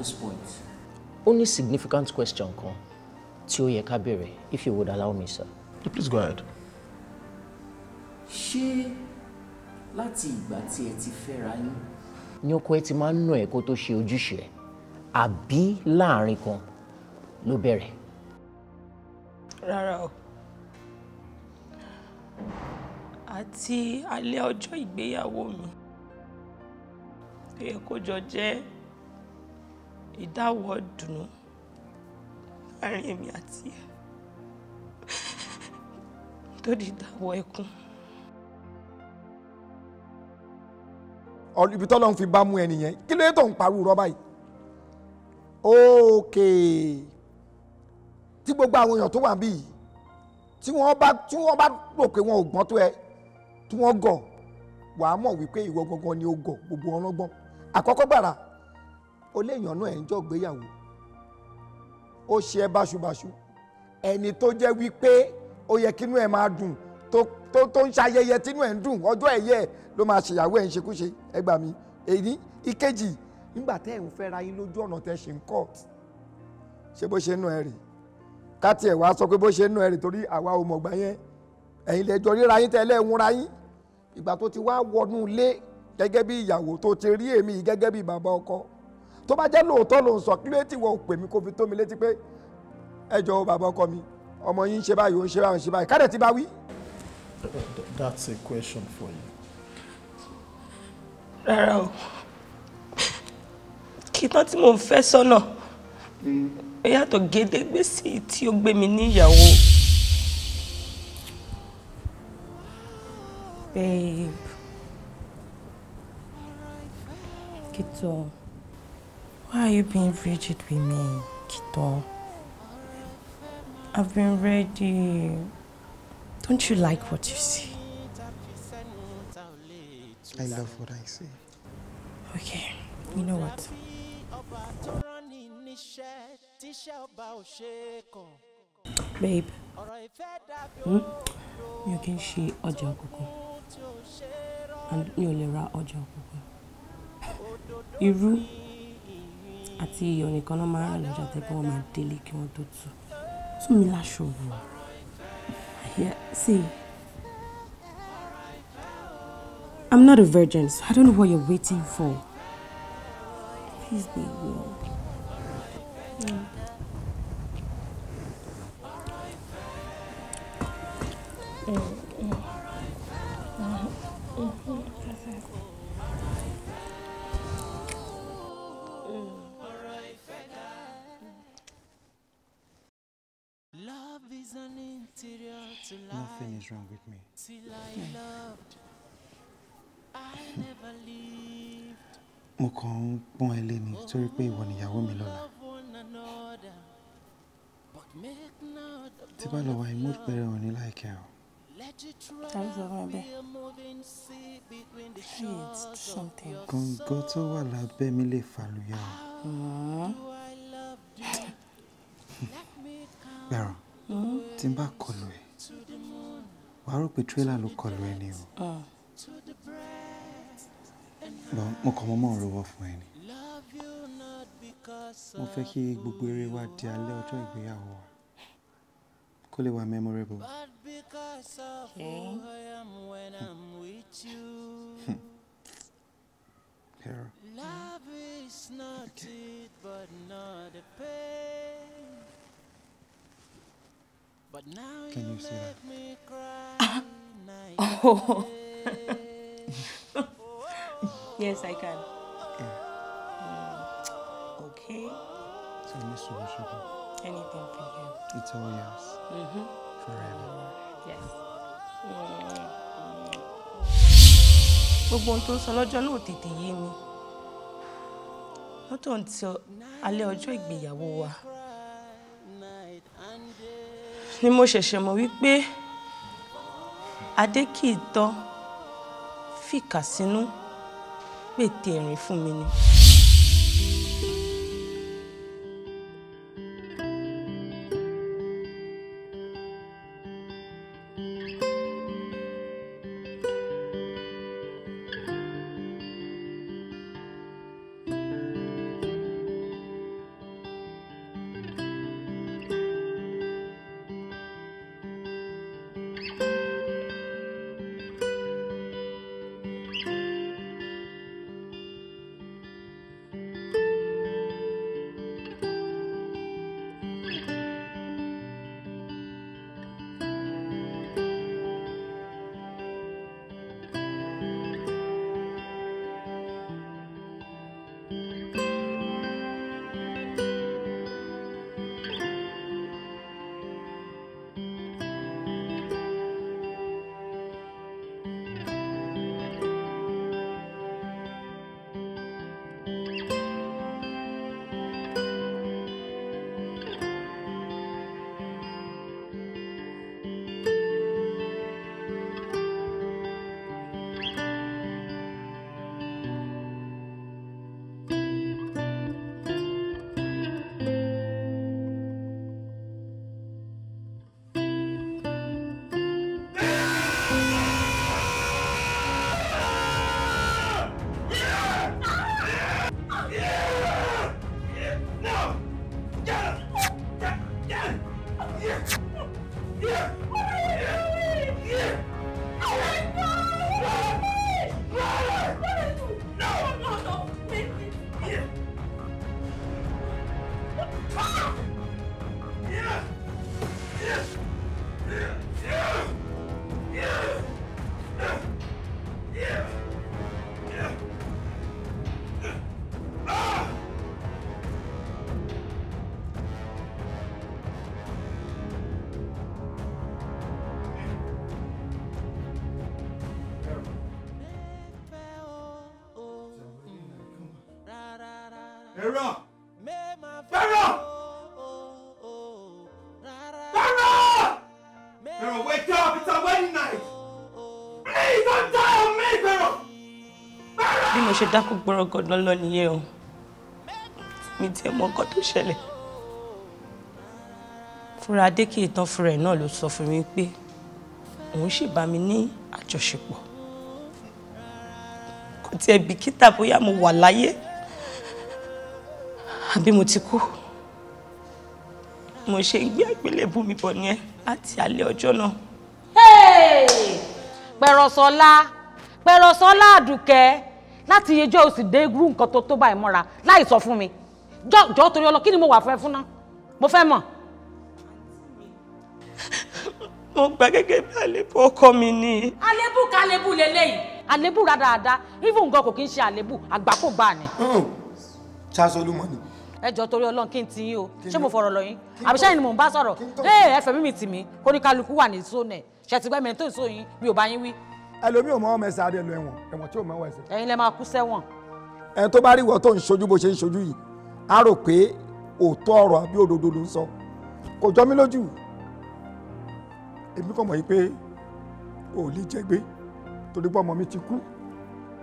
this point. Only significant question Kong. tí ó if you would allow me sir. Yeah, please go ahead. She, láti ìgbà tí ẹ ti fẹ́ra yín? Ní ọkọ ẹ ti máa ń nà ẹ́ kó tó ṣe ojúṣe ẹ̀ àbí láàrin kan ló bẹ̀rẹ̀. Rárá o. Àti alẹ́ ọjọ́ ìgbéyàwó mi, ó yẹ kó ìdáwọ́ dùnú láàrin èmi àti ẹ̀ tó di ìdáwọ́ ẹkún. ibi tọ́lọ́run fi bá mú ẹ nìyẹn kí ló dé tó ń pariwo rọ́bà yìí ókè tí gbogbo àwọn èèyàn tó wà níbí tí wọ́n bá tí wọ́n bá rò pé wọn ò gbọ́n tó ẹ tí wọ́n gọ̀ wàá mọ̀ wípé ìwọ gangan ni ó gọ̀ gbogbo ọlọ́gbọ́n àkọ́kọ́ gbàrà ó lè yànnà ẹ̀ ń jọ gbéyàwó ó ṣe ẹ báṣubàṣu ẹni tó jẹ́ wípé ó yẹ kínú ẹ̀ máa dùn tó tó ń ṣayẹyẹ tínú ẹ̀ ń dùn ọjọ́ ẹ̀yẹ ló máa ṣèyàwó ẹ̀ ń ṣekúṣe ẹ gbà mí èyí ìkejì nígbà tẹ́ ẹ̀ ń fẹ́ ra yín lójú ọ̀nà tẹ́ ṣe ń kọ́ ṣé bó ṣe nù ẹ̀ rè ká tiẹ̀ wá sọ pé bó ṣe nù ẹ̀ rè torí àwa ò mọ̀gbà yẹn ẹ̀yin lè jọ ríra yín tẹ́lẹ̀ ń ra yín ìgbà tó ti wá wọnú ilé gẹ́gẹ́ bí ìyàwó tó ti rí èmi gẹ́gẹ́ bí bàbá ọkọ tó bá jẹ́ lóòótọ́ ló ń sọ kí ló ti wọ òpè mi kó fi tó mi létí pé ẹ jọ̀ọ́ bàbá ọkọ mi ọmọ yín ń ṣe báyìí ó ń ṣe báyìí ó ń ṣe báyìí kádẹ̀ ti bá wí. that's a question for you. rárá o kí tán tí mò ń fẹ́ sọ́nà ó yàtọ̀ gédégbé sí tí ó gbé mi níyàwó. babe. Kìtọ̀. Why are you being rigid with me, Kito? I've been ready. Don't you like what you see? I love what I see. Okay, you know what? Babe, hmm? You can see ń and mi ò lè ra àti iyọ̀ nìkan náà máa ń rà lọ́jà tẹ́gbọ́n wọn máa délé kí wọ́n tó tù tú mi láṣọ wò see I'm not a virgin so I don't know what you're waiting for please be real. torí pé ìwọ nìyàwó mi lọ́la. tí bá lọ wá imú pẹ̀rẹ̀ òní láìkẹ́ o. gbọ̀ngàn tó wà lábẹ́ mi lè fàlùyà o. gbẹ̀rọ̀ tí n bá kọlù ẹ̀ wàá rò pé tírélà ló kọlù ẹ ni o. bọ́n mo kàn mọ́ mọ́ ń rọwọ́ fún ẹ ni. mo fẹ́ kí gbogbo eré wa di alẹ́ ọjọ́ ìgbéyàwó wa kó lè wà memorable. Love but now Can you, you see make that? me cry. oh. yes, I can. So any solution? Anything for you. It's all yours. Mm-hmm. Forever. Yes. Gbogbo ohun tó ń sọ lọ́jọ́ náà tètè yé mi. Lọ́tọ̀ ń ti alẹ́ ọjọ́ ìgbéyàwó wa. Ni mo ṣẹ̀ṣẹ̀ mọ̀ wípé adé kì í tán fìkà sínú pètè ẹ̀rín fún mi ni. ṣe dákú gbọ́rọ̀ gọ̀dọ̀ lọ nìyẹn o mi tiẹ̀ mọ nǹkan tó ṣẹlẹ̀ fúnra adékè tán fúnra ẹ̀ náà ló sọ fún mi pé òun ṣì bá mi ní àjọṣepọ̀ kò tiẹ̀ bìkítà bóyá mo wà láyé àbí mo ti kú mo ṣe ń gbé àgbélébù mi bọ̀ nìyẹn láti alẹ́ ọjọ́ náà. pẹ̀rọ̀sọ́lá pẹ̀rọ̀sọ́lá àdùkẹ́ láti yejọ́ o sì dé irú nǹkan tó tó báyìí mọ́ra láì sọ fún mi jọ jọ torí ọlọ kí ni mo wà fẹ́ fún ná mo fẹ́ mọ̀. mo gbà gẹ́gẹ́ bí àlébù ọkọ mi ni. àlébù kálébù lélẹ́yìí. àlébù rádaràda even nǹkan kò kí ń ṣe àlébù àgbákògbà ni. charles hmm. olúmọ̀ni ẹ jọ torí Ọlọ́run kí n ti yín o ṣé mo fọ̀rọ̀ lọ yín àbíṣẹ́ ni mò ń bá sọ̀rọ̀ ẹ ẹ̀fẹ̀ mímì tì mí kóníkálukú wà ní sóònù ẹ̀ ṣètìgbẹ́mẹ̀ ẹlòmíì ò mọ ọmọ ẹsẹ adé lọ ẹ̀wọ̀n ẹ̀wọ̀n tí ò mọ ọwọ́ ẹsẹ. ẹ̀yin lẹ máa kú sẹ́wọ̀n. ẹ tó bá rí ìwọ tó ń ṣojú bó ṣe ń ṣojú yìí á rò pé òótọ́ ọ̀rọ̀ àbí òdodo ló ń sọ kò jọ mí lójú èmi kò mọ̀ yìí pé ò lè jẹ́gbé torí pé ọmọ mi ti kú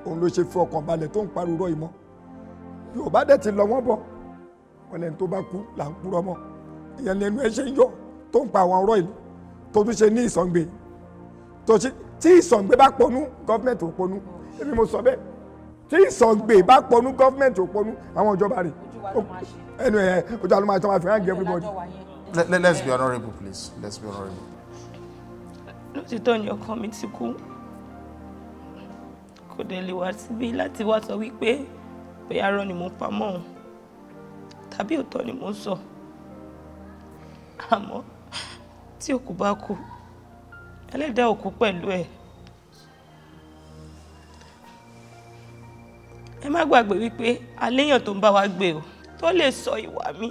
òun ló ṣe fi ọkàn balẹ̀ tó ń pariwo ìmọ̀ Yorùbá dẹ̀ ti lọ wọ́n bọ̀ wọn lẹ́nu tó bá kú là ń kúrọ́ mọ́ ìyẹn lẹ́nu ẹ ṣe ń yọ tó ń pa àwọn ọ̀rọ̀ ìlú tó tún ṣe ní ìsọ̀ǹgbè tó ṣe tí ìsọ̀ǹgbé bá pọnú gọ́fìmẹ̀ntì ò pọnú èmi mo sọ bẹ́ẹ̀ tí ìsọ̀ǹgbé bá pọnú gọ́fìmẹ̀ntì ò pọnú àwọn ìjọba rẹ̀ ẹnu ẹ̀ ojú àlọ́ máa tán máa fi hàn gé everybody. Let, let, let's be honourable please let's be honourable. lótìtọ́ ni ọkọ mi ti kú kò dẹ̀ lè wá síbí láti wá sọ wípé bóyá arọ ni mo pamọ́ òun tàbí òótọ́ ni mo sọ àmọ́ tí òkú bá kú ẹlẹ́dàá òkú pẹ̀lú ẹ̀ ẹ má gbàgbé wípé aléèyàn tó ń bá wa gbé o tó lè sọ ìwà mi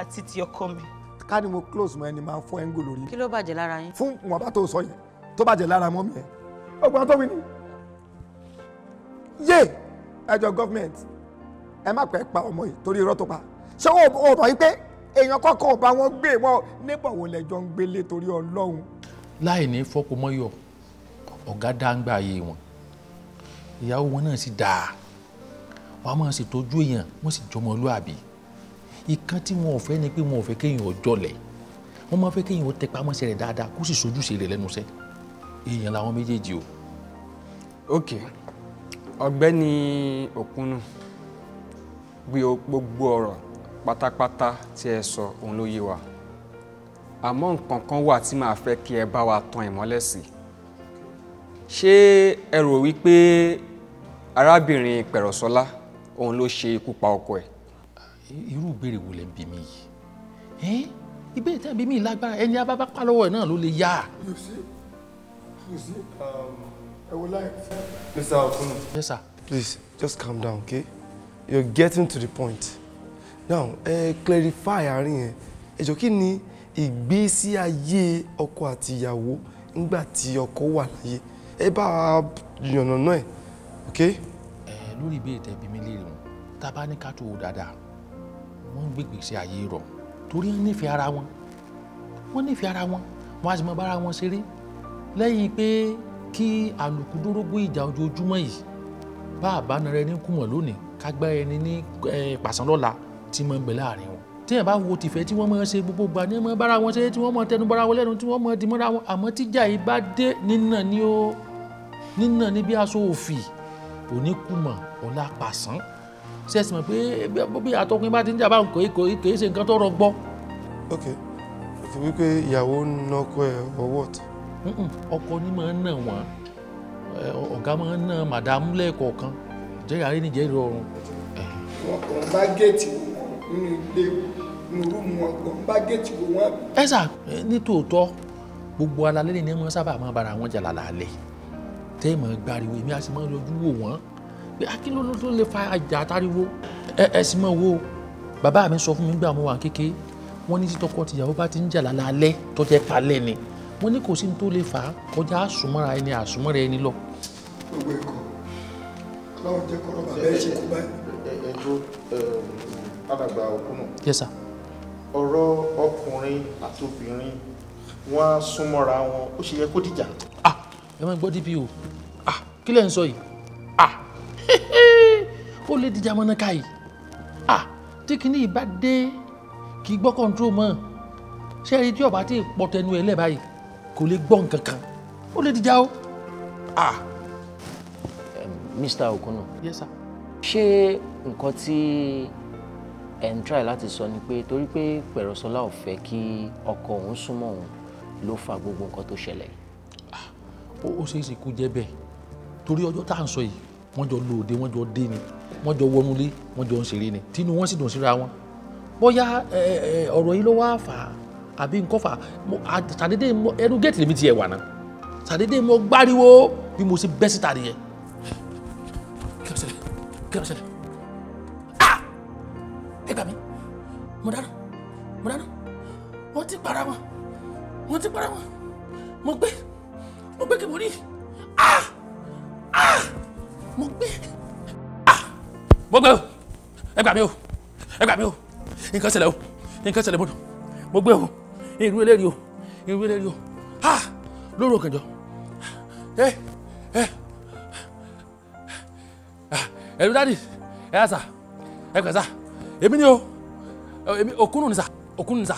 àti ti ọkọ mi. ká ní mo close mọ ẹni máa fọ ẹ́ńgò lórí. kí ló bàjẹ́ lára yín. fún wọn bá tó sọ yẹn tó bàjẹ́ lára mọ́ mi yẹn ọgbọ́n tó mi ní. yé ẹjọ gọọmenti ẹ má pẹ́ pa ọmọ yìí torí irọ́ tó pa ṣé o ò bọ̀ yí pé èèyàn kọ́kọ́ ò bá wọn gbé wọn nígbà wo lẹ́jọ́ ń gbélé torí Ọlọ́run láì ní fọpọmọyọ ọ̀gá dáńgbà ayé wọn ìyàwó wọn náà sì dáa wọn máa sì tọ́jú èèyàn wọ́n sì jọmọlúàbí ìkan tí wọn ò fẹ́ ni pé wọn ò fẹ́ kéèyàn ọjọ́lẹ̀ wọ́n máa fẹ́ kéèyàn ó tẹpá mọ́ṣẹ́ rẹ̀ dáadáa kó sì sojúṣe rẹ̀ lẹ́nu iṣẹ́ èèyàn làwọn méjèèjì o. ok ọ̀gbẹ́ni Òkúnnù gbé gbogbo ọ̀rọ̀ pátápátá tí ẹ sọ òun ló yé wa àmọ́ nǹkan kan wà tí màá fẹ́ kí ẹ bá wa tan ìmọ́lẹ̀ sí ṣé ẹ rò wípé arábìnrin pẹ̀rọ̀sọ́lá òun ló ṣe ikú pa ọkọ ẹ̀. irú ìbéèrè wo lẹ ń bi mí yìí ìbéèrè tí a bí mi lágbára ẹni abábá pa lọ́wọ́ ẹ̀ náà ló lè yá. you see you see ẹ wo láì. mr okunu. yes sir. please just calm down okay you're getting to the point now ẹ clarify àárín yẹn ẹ jọ kí ni ìgbésí ayé ọkọ àti ìyàwó ńgbà tí ọkọ wà láyé ẹ bá a yànnà náà ẹ ok. ẹ lórí ìbéèrè tẹ̀bí mi léèrè wọn tá a bá ní ká tó o dáadáa wọ́n ń gbé ìgbésí ayé rọ̀ torí wọ́n nífẹ̀ẹ́ ara wọn wọ́n nífẹ̀ẹ́ ara wọn wọ́n á sì mọ bára wọn ṣeré lẹ́yìn pé kí àlùkù dórógbó ìjà ojoojúmọ́ yìí bá àbánirẹ ní kùmọ̀ lónìí ká gbá ẹni ní pàṣán lọ́la tí mo ń bẹ láàrin tí ẹ bá wo tìfẹ́ tí wọ́n mọ̀ ṣe gbogbo gbà ní mọ̀ bára wọn ṣe tí wọ́n mọ̀ tẹnu bára wọn lẹ́nu tí wọ́n mọ̀ di mọ́ra wọn àmọ́ tíjà yìí bá dé nínà ni ó nínà ni bí aṣọ òfì oníkùmọ̀ ọ̀la pàṣán ṣe é sì mọ̀ pé bí àtọkùn bá ti ń jà bá nǹkan èkó èkó èsè nǹkan tó rọgbọ. ok òfin wípé ìyàwó ń ná ọkọ ẹ ọwọ́ ọ̀tún. ọkọ ni máa ń nà wọn ọ̀gá nínú ilé nùrù mu ọgbọ̀n bá géètì wo wọn. ẹ sà nítòótọ́ gbogbo alalẹ́ ni wọ́n sábà máa bára wọn jà lálẹ́ tẹ́ mọ̀ gbariwo èmi àti mọ̀ lójú wò wọ́n pé akínú ló lè fa àjà àtàriwo ẹ ẹ sì mọ̀ wo bàbá mi sọ fún mi gbà mo wà kékeré wọ́n ní tí tọkọ tìyàwó bá ti ń jà lálẹ́ tó jẹ́ palẹ́ ni wọ́n ní kò sí ní tó lè fà kọjá àsùnmọ́ra ẹni àsùnmọ́ra ẹni lọ. gbogbo ẹ̀kọ́ ọlọ́run jẹ́ kọ́rọ̀ bàbá ẹ̀ ṣe kú báyìí. ẹ ẹ dúró alàgbà òkú náà ọ̀rọ̀ ọkùnrin àti obìnrin wọ́n á sún mọ́ra wọn ó ṣe yẹ kó dìjà. ah ẹ máa ń gbọ́ dípì o ah kí lẹ̀ ń sọ yìí ah [LAUGHS] ó lè dìjà mọ́nàká yìí ah tí kinní yìí bá dé kì í gbọ́ kọ́ńtró mọ́ ṣé ẹni tí ọba ti pọ̀ tẹnu ẹ̀ lẹ́ báyìí kò lè gbọ́ nǹkan kan ó lè dìjà o ah. Mr. Okuno. yes sir. ṣé nǹkan tí ẹ̀ ń try láti sọ ni pé torí pé pẹ̀rọ̀sọ́lá ò fẹ́ kí ọkọ òun súnmọ́ òun ló fa gbogbo nǹkan tó ṣẹlẹ̀ yìí. Ah, ó ṣeé ṣe kó jẹ́ bẹ́ẹ̀ torí ọjọ́ tá à ń sọ yìí wọ́n jọ lóde wọ́n jọ dé ni wọ́n jọ wọnúlé wọ́n jọ ń ṣeré ni tínú wọn sì dùn síra wọn bóyá ọ̀rọ̀ yìí ló wá fà á àbí nǹkan fà á sàdédé ẹnu géètì lèmi tiẹ̀ wà náà sàdédé mo gbáriwo bí mo ṣe bẹ́ síta nìyẹn kí ló ṣẹlẹ̀ kí ló ṣẹlẹ̀ mo dáná mo dáná wọ́n ti para wọn wọ́n ti para wọn mo gbé mo gbé kìbò rí ah ah mo gbé ah mo gbé o ẹ gbà mí o ẹ gbà mí o nǹkan ṣẹlẹ̀ o nǹkan ṣẹlẹ̀ bọ́dọ̀ mo gbé o irú eléyìí o irú eléyìí o ah lóru òkànjọ ẹ ẹ ah! ẹlú dáàdì ẹ yà sà ẹ gbà sà èmi ni o. Eh, èmi òkúnnù nìsa òkúnnù nìsa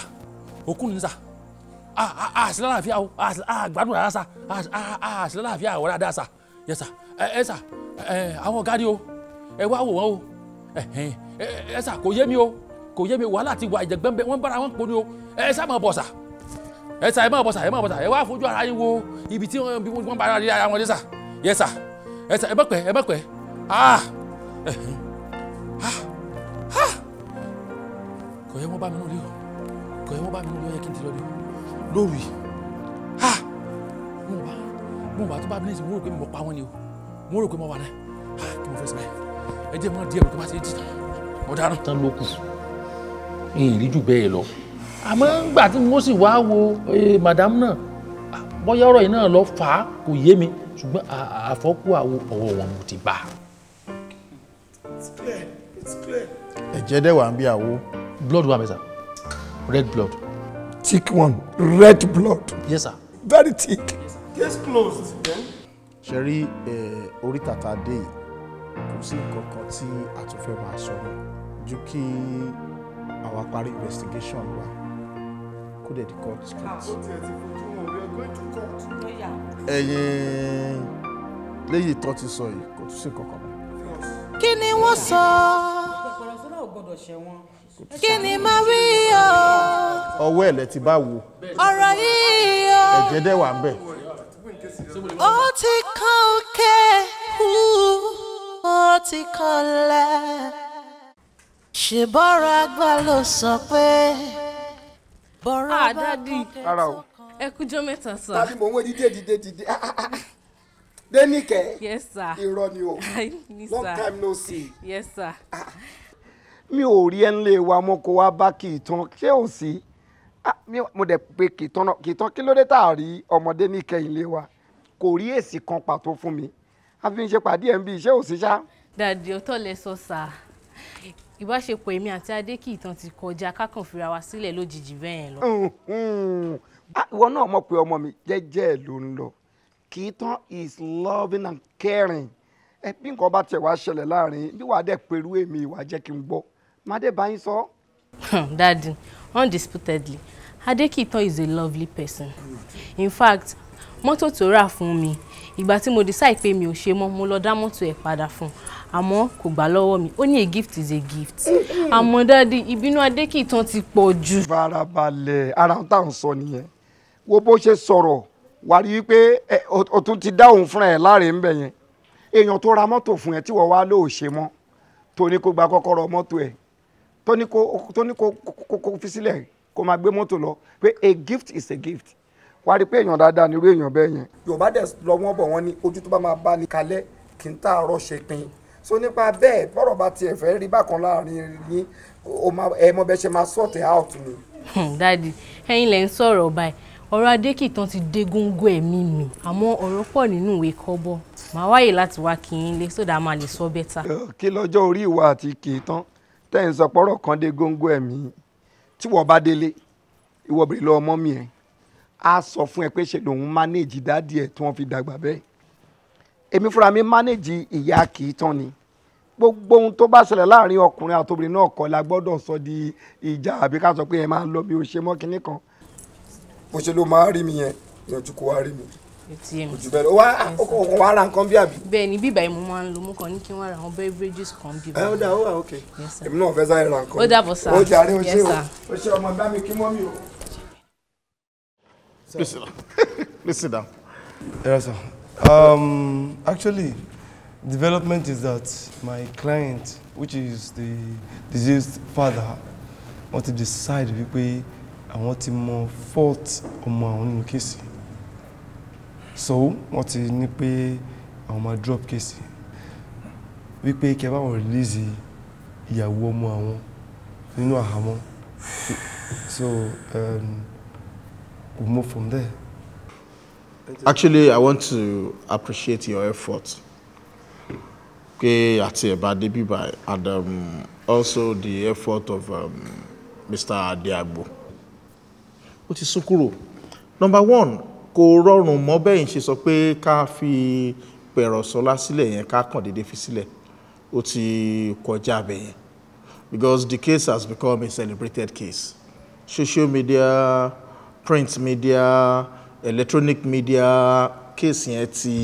òkúnnù nìsa àṣìlá làáfíà o àgbàdùn rárá sa àṣìlá làáfíà àwọn dáadáa sa yẹ sa ẹ sa àwọn ọ̀gá ni o ẹ wá wò wọ́n o ẹ eh, eh, sa kò yé mi o kò yé mi wàhálà ti wà ìjẹ̀gbẹ́ ń bẹ bára wọn pò ní o ẹ sá máa bọ̀ sa ẹ sa ẹ máa bọ̀ sa ẹ máa bọ̀ sa ẹ wá fojú ara yín wo ibi tí wọ́n bá ara wọn dé sa yẹ sa ẹ sa ẹ bẹ́pẹ́ ẹ bẹ́pẹ́ ah ah ah kò yẹ wọ́n bá mi lórí o kò yẹ wọ́n bá mi lórí o yẹ kí n ti lọ bí lórí ha mo bá mo bá tó bá mi ní ìsìn mo rò pé mo pa wọ́n ni o mo rò pé mo wà náà ha kí mo fẹ́ sinmi ẹ jẹ́ mọ́ díẹ̀ tó bá ṣe é jìtàn mo dáná. tán ló kù ìyìn rí jù bẹ́ẹ̀ lọ àmọ́ ngbà tí mo sì wá wo e, madam náà bóyá ọ̀rọ̀ yìí náà lọ fà á kò yé mi ṣùgbọ́n àfọ́kù àwo ọ̀wọ́ wọn mo ti bá a. it's clear it's clear. ẹ̀jẹ̀ dẹ̀ wà ń bí àwo blood wà sir. red blood. thick one red blood. yes sir. very thick. yes sir. case closed then. ṣe rí eh, orí tàtà dé yìí kò sí nǹkan kan tí a tún fẹ́ máa sọ mọ́ ju kí àwa parí investigation wa kó dẹ̀ di court straight. àwọn ah, tí ẹ ti fojú wọn rẹ go to court. ẹ̀yin lẹ́yìn tó ti sọ yìí kò tún sí nǹkan kan mọ́. kí ni wọ́n sọ. ọ̀pọ̀lọpọ̀ sọ́dọ̀ ò gbọ́dọ̀ ṣẹ̀wọ̀n kí ni mo wí o. ọwọ́ ẹ̀ lẹ ti bá wo. ọ̀rọ̀ yìí o. ẹ̀jẹ̀ dẹ̀ wà ń bẹ̀. ó ti kan òkè ó ti kanlẹ̀ ṣèbọ̀rọ̀ àgbà ló sọ pé bọ̀rọ̀ ah, bá kọ́kẹ́ ẹ kújọ mẹ́ta sá. tàbí mò ń wé dídé dídé dídé ah, ah, dénìkẹ́. yes sir. irọ́ ni o. [LAUGHS] long time no see. yes sir mi ò rí ẹ nílé wa mo kó wa bá Kìtàn ṣé ò sí mo dẹ̀ pé Kìtàn Kìtàn kí ló dé tá a rí ọmọdé níkẹyìn lé wa kò rí èsì kan pàtó fún mi a fi ń ṣe pàdé ẹ̀ ń bí ṣé ò sí ṣá. dàdí ọtọ lẹ sọ sáà ìbáṣepọ̀ èmi àti Adékìtàn ti kọjá kákàn fira wa sílẹ̀ lójijì bẹ́ẹ̀ lọ. ìwọ náà mọ̀ pé ọmọ mi jẹ́jẹ́ ló ń lọ Kìtàn is loving and caring ẹ bí nǹkan bá tẹ̀ wá ṣẹlẹ̀ láàrin bí wàá dẹ̀ pẹ̀lú èmi ìwà jẹ́ kí n gbọ́. Màdé bá so. Hmm, daddy, undisputedly, Adekito is a lovely person. In fact, mọ́tò to rà fún mi, ìgbà tí mo decide pé mi ò ṣe mọ́, mo lọ dá mọ́tò ẹ̀ padà fún un àmọ́ kò gbà mi ó a gift is a gift Amo daddy ìbínú Adekito ti pọ̀ jù. farabalẹ̀ ara tá à ń sọ nìyẹn wo bó ṣe sọ̀rọ̀ wà rí pé o tún ti dá òun fúnra ẹ̀ láre ń bẹ̀ yẹn èèyàn tó ra mọ́tò fún ẹ tí wọ́n wá lóò ṣe mọ́ torí kó gba kọ́kọ́rọ́ mọ́tò ẹ̀ tó ní kó tó ní kó kó fi sílẹ̀ kó máa gbé mọ́tò lọ pé a gift is a gift wàá rí i pé èèyàn dáadáa nírú èèyàn bẹ́ẹ̀ yẹn. yorùbá dẹ̀ lọ wọ́n bọ̀ wọ́n ní ojú tó bá máa bá ní kalẹ̀ kì í tààrọ̀ ṣe pin so nípa bẹ́ẹ̀ bọ́rọ̀ bá tiẹ̀ fẹ́ rí bákan láàrin yín ẹ mọ bẹ́ẹ̀ ṣe máa sort it out ni. Hmm, dadi ẹ̀yin lẹ ń sọ̀rọ̀ báyìí ọ̀rọ̀ adékìtàn ti dé góńgó ẹ̀mí mi àmọ́ ọ̀rọ̀ pọ̀ nínú ìwé kọ́bọ̀ màá wáyè láti wá kí n lé sódà máa lè sọ bẹ́tà. kí lọ́jọ́ orí ìwà àti kì í tán tẹ́yìn sọ pọ́rọ̀ kan dé góńgó ẹ̀mí tí wọ́n bá délé ìwọ bèrè lọ́wọ́ mọ́mí ẹ̀ á sọ fún ẹ pé ṣe lòun mánéèjì dáàdì ẹ̀ tí wọ́n fi dàgbà bẹ́ẹ̀ èmi fúnra mi mánéèjì ìyá kì tán ni gbogbo ohun tó bá ṣẹlẹ̀ láàrin ọkùnrin àtòbìnrin náà kọ́ la gbọ́dọ̀ sọ di ìjà àbí ká sọ pé ẹ máa lọ bí o ṣe mọ́ kinní kan mo ṣe ló máa rí mi yẹn ìyànjú kò wá rí mi ojú bẹ́ẹ̀ lọ wá ọkọ̀ wa ra nǹkan bí àbí. bẹ́ẹ̀ ni bíbá ìmú máa ń lo mú kan ní kí wọ́n ra àwọn beverages kan bí. ẹ ó dà ó wà ok èmi náà fẹ́ sáré ra nǹkan. ó dàbọ̀ sá ó jàre ó ṣe ó ṣe ọmọ bá mi kí mọ́ mi o. [LAUGHS] please sit down. yes sir um, actually development is that my client which is the deceased father wọ́n to decide wípé àwọn ti mọ fault ọmọ àwọn nínú kéèsì so wọ́n ti ní pé àwọn máa drop case wípé kí ẹ bá wọn release ìyàwó ọmọ àwọn nínú àhámọ́ so um, we move from there. Actually, I want to appreciate your effort. Okay, àti ẹ̀bá débi by and um, also the effort of um, Mr. Adiagbo. Ó ti sún kúrò. Number one, kò rọrùn mọ́ bẹ́yìn ṣe sọ pé ká fi pẹ̀rọ̀ sọlá sílẹ̀ yẹn ká kàn déédéé fi sílẹ̀ ó ti kọjá bẹ̀ yẹn because the case has become a celebrated case social media print media electronic media case yẹn ti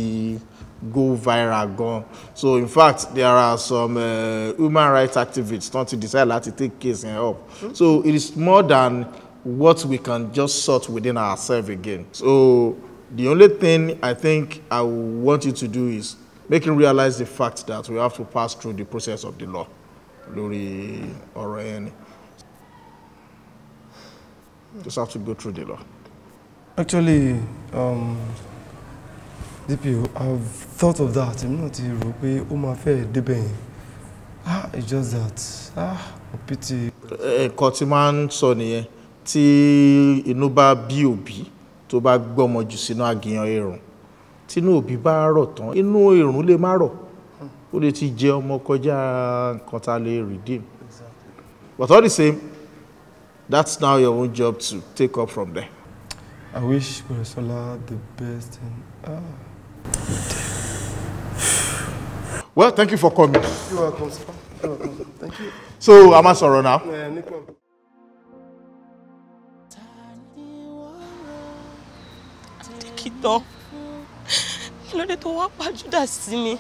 go viral gan so in fact there are some uh, human rights activists don ti decide láti take case yẹn up so it is more than what we can just sort within ourselves again. So the only thing I think I want you to do is make him realize the fact that we have to pass through the process of the law lórí ọ̀rọ̀ yẹn just have to go through the law. actually um, DPO I've thought of that I'm not here. rò pé ó ah it's just that ah pity. nǹkan tí máa ń tí inú bá bí òbí tó bá gbọ́mọ jù sínú àgìyàn èrùn tínú òbí bá rọ̀ tán inú èrùn lè má rọ̀ ó lè ti jẹ ọmọ kọjá nǹkan tá a lè redeem but all the same that's now your own job to take up from there. I wish Borisola the best in ah. Well, thank you for coming. You're welcome, sir. You're welcome. Thank you. So, a máa sọ̀rọ̀ now. Yeah, kìtàn kí ló dé tó wá pa Júdà sí mi.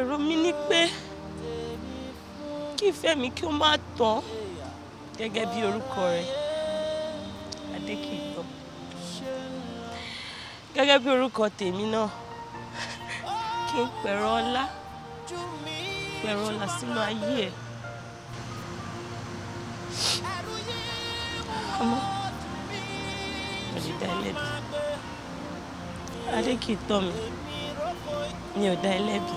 èrò mi ni pé kí ìfẹ́ mi kí ó má tán gẹ́gẹ́ bí orúkọ rẹ̀ Adékìtàn gẹ́gẹ́ bí orúkọ tèmi náà kí n pẹ̀rọ ọlá pẹ̀rọ ọ̀la sínú ayé ẹ̀. ọmọ òjì dá ẹlẹ́bi adé kìí tọ́ mi mi ò dá ẹlẹ́bi.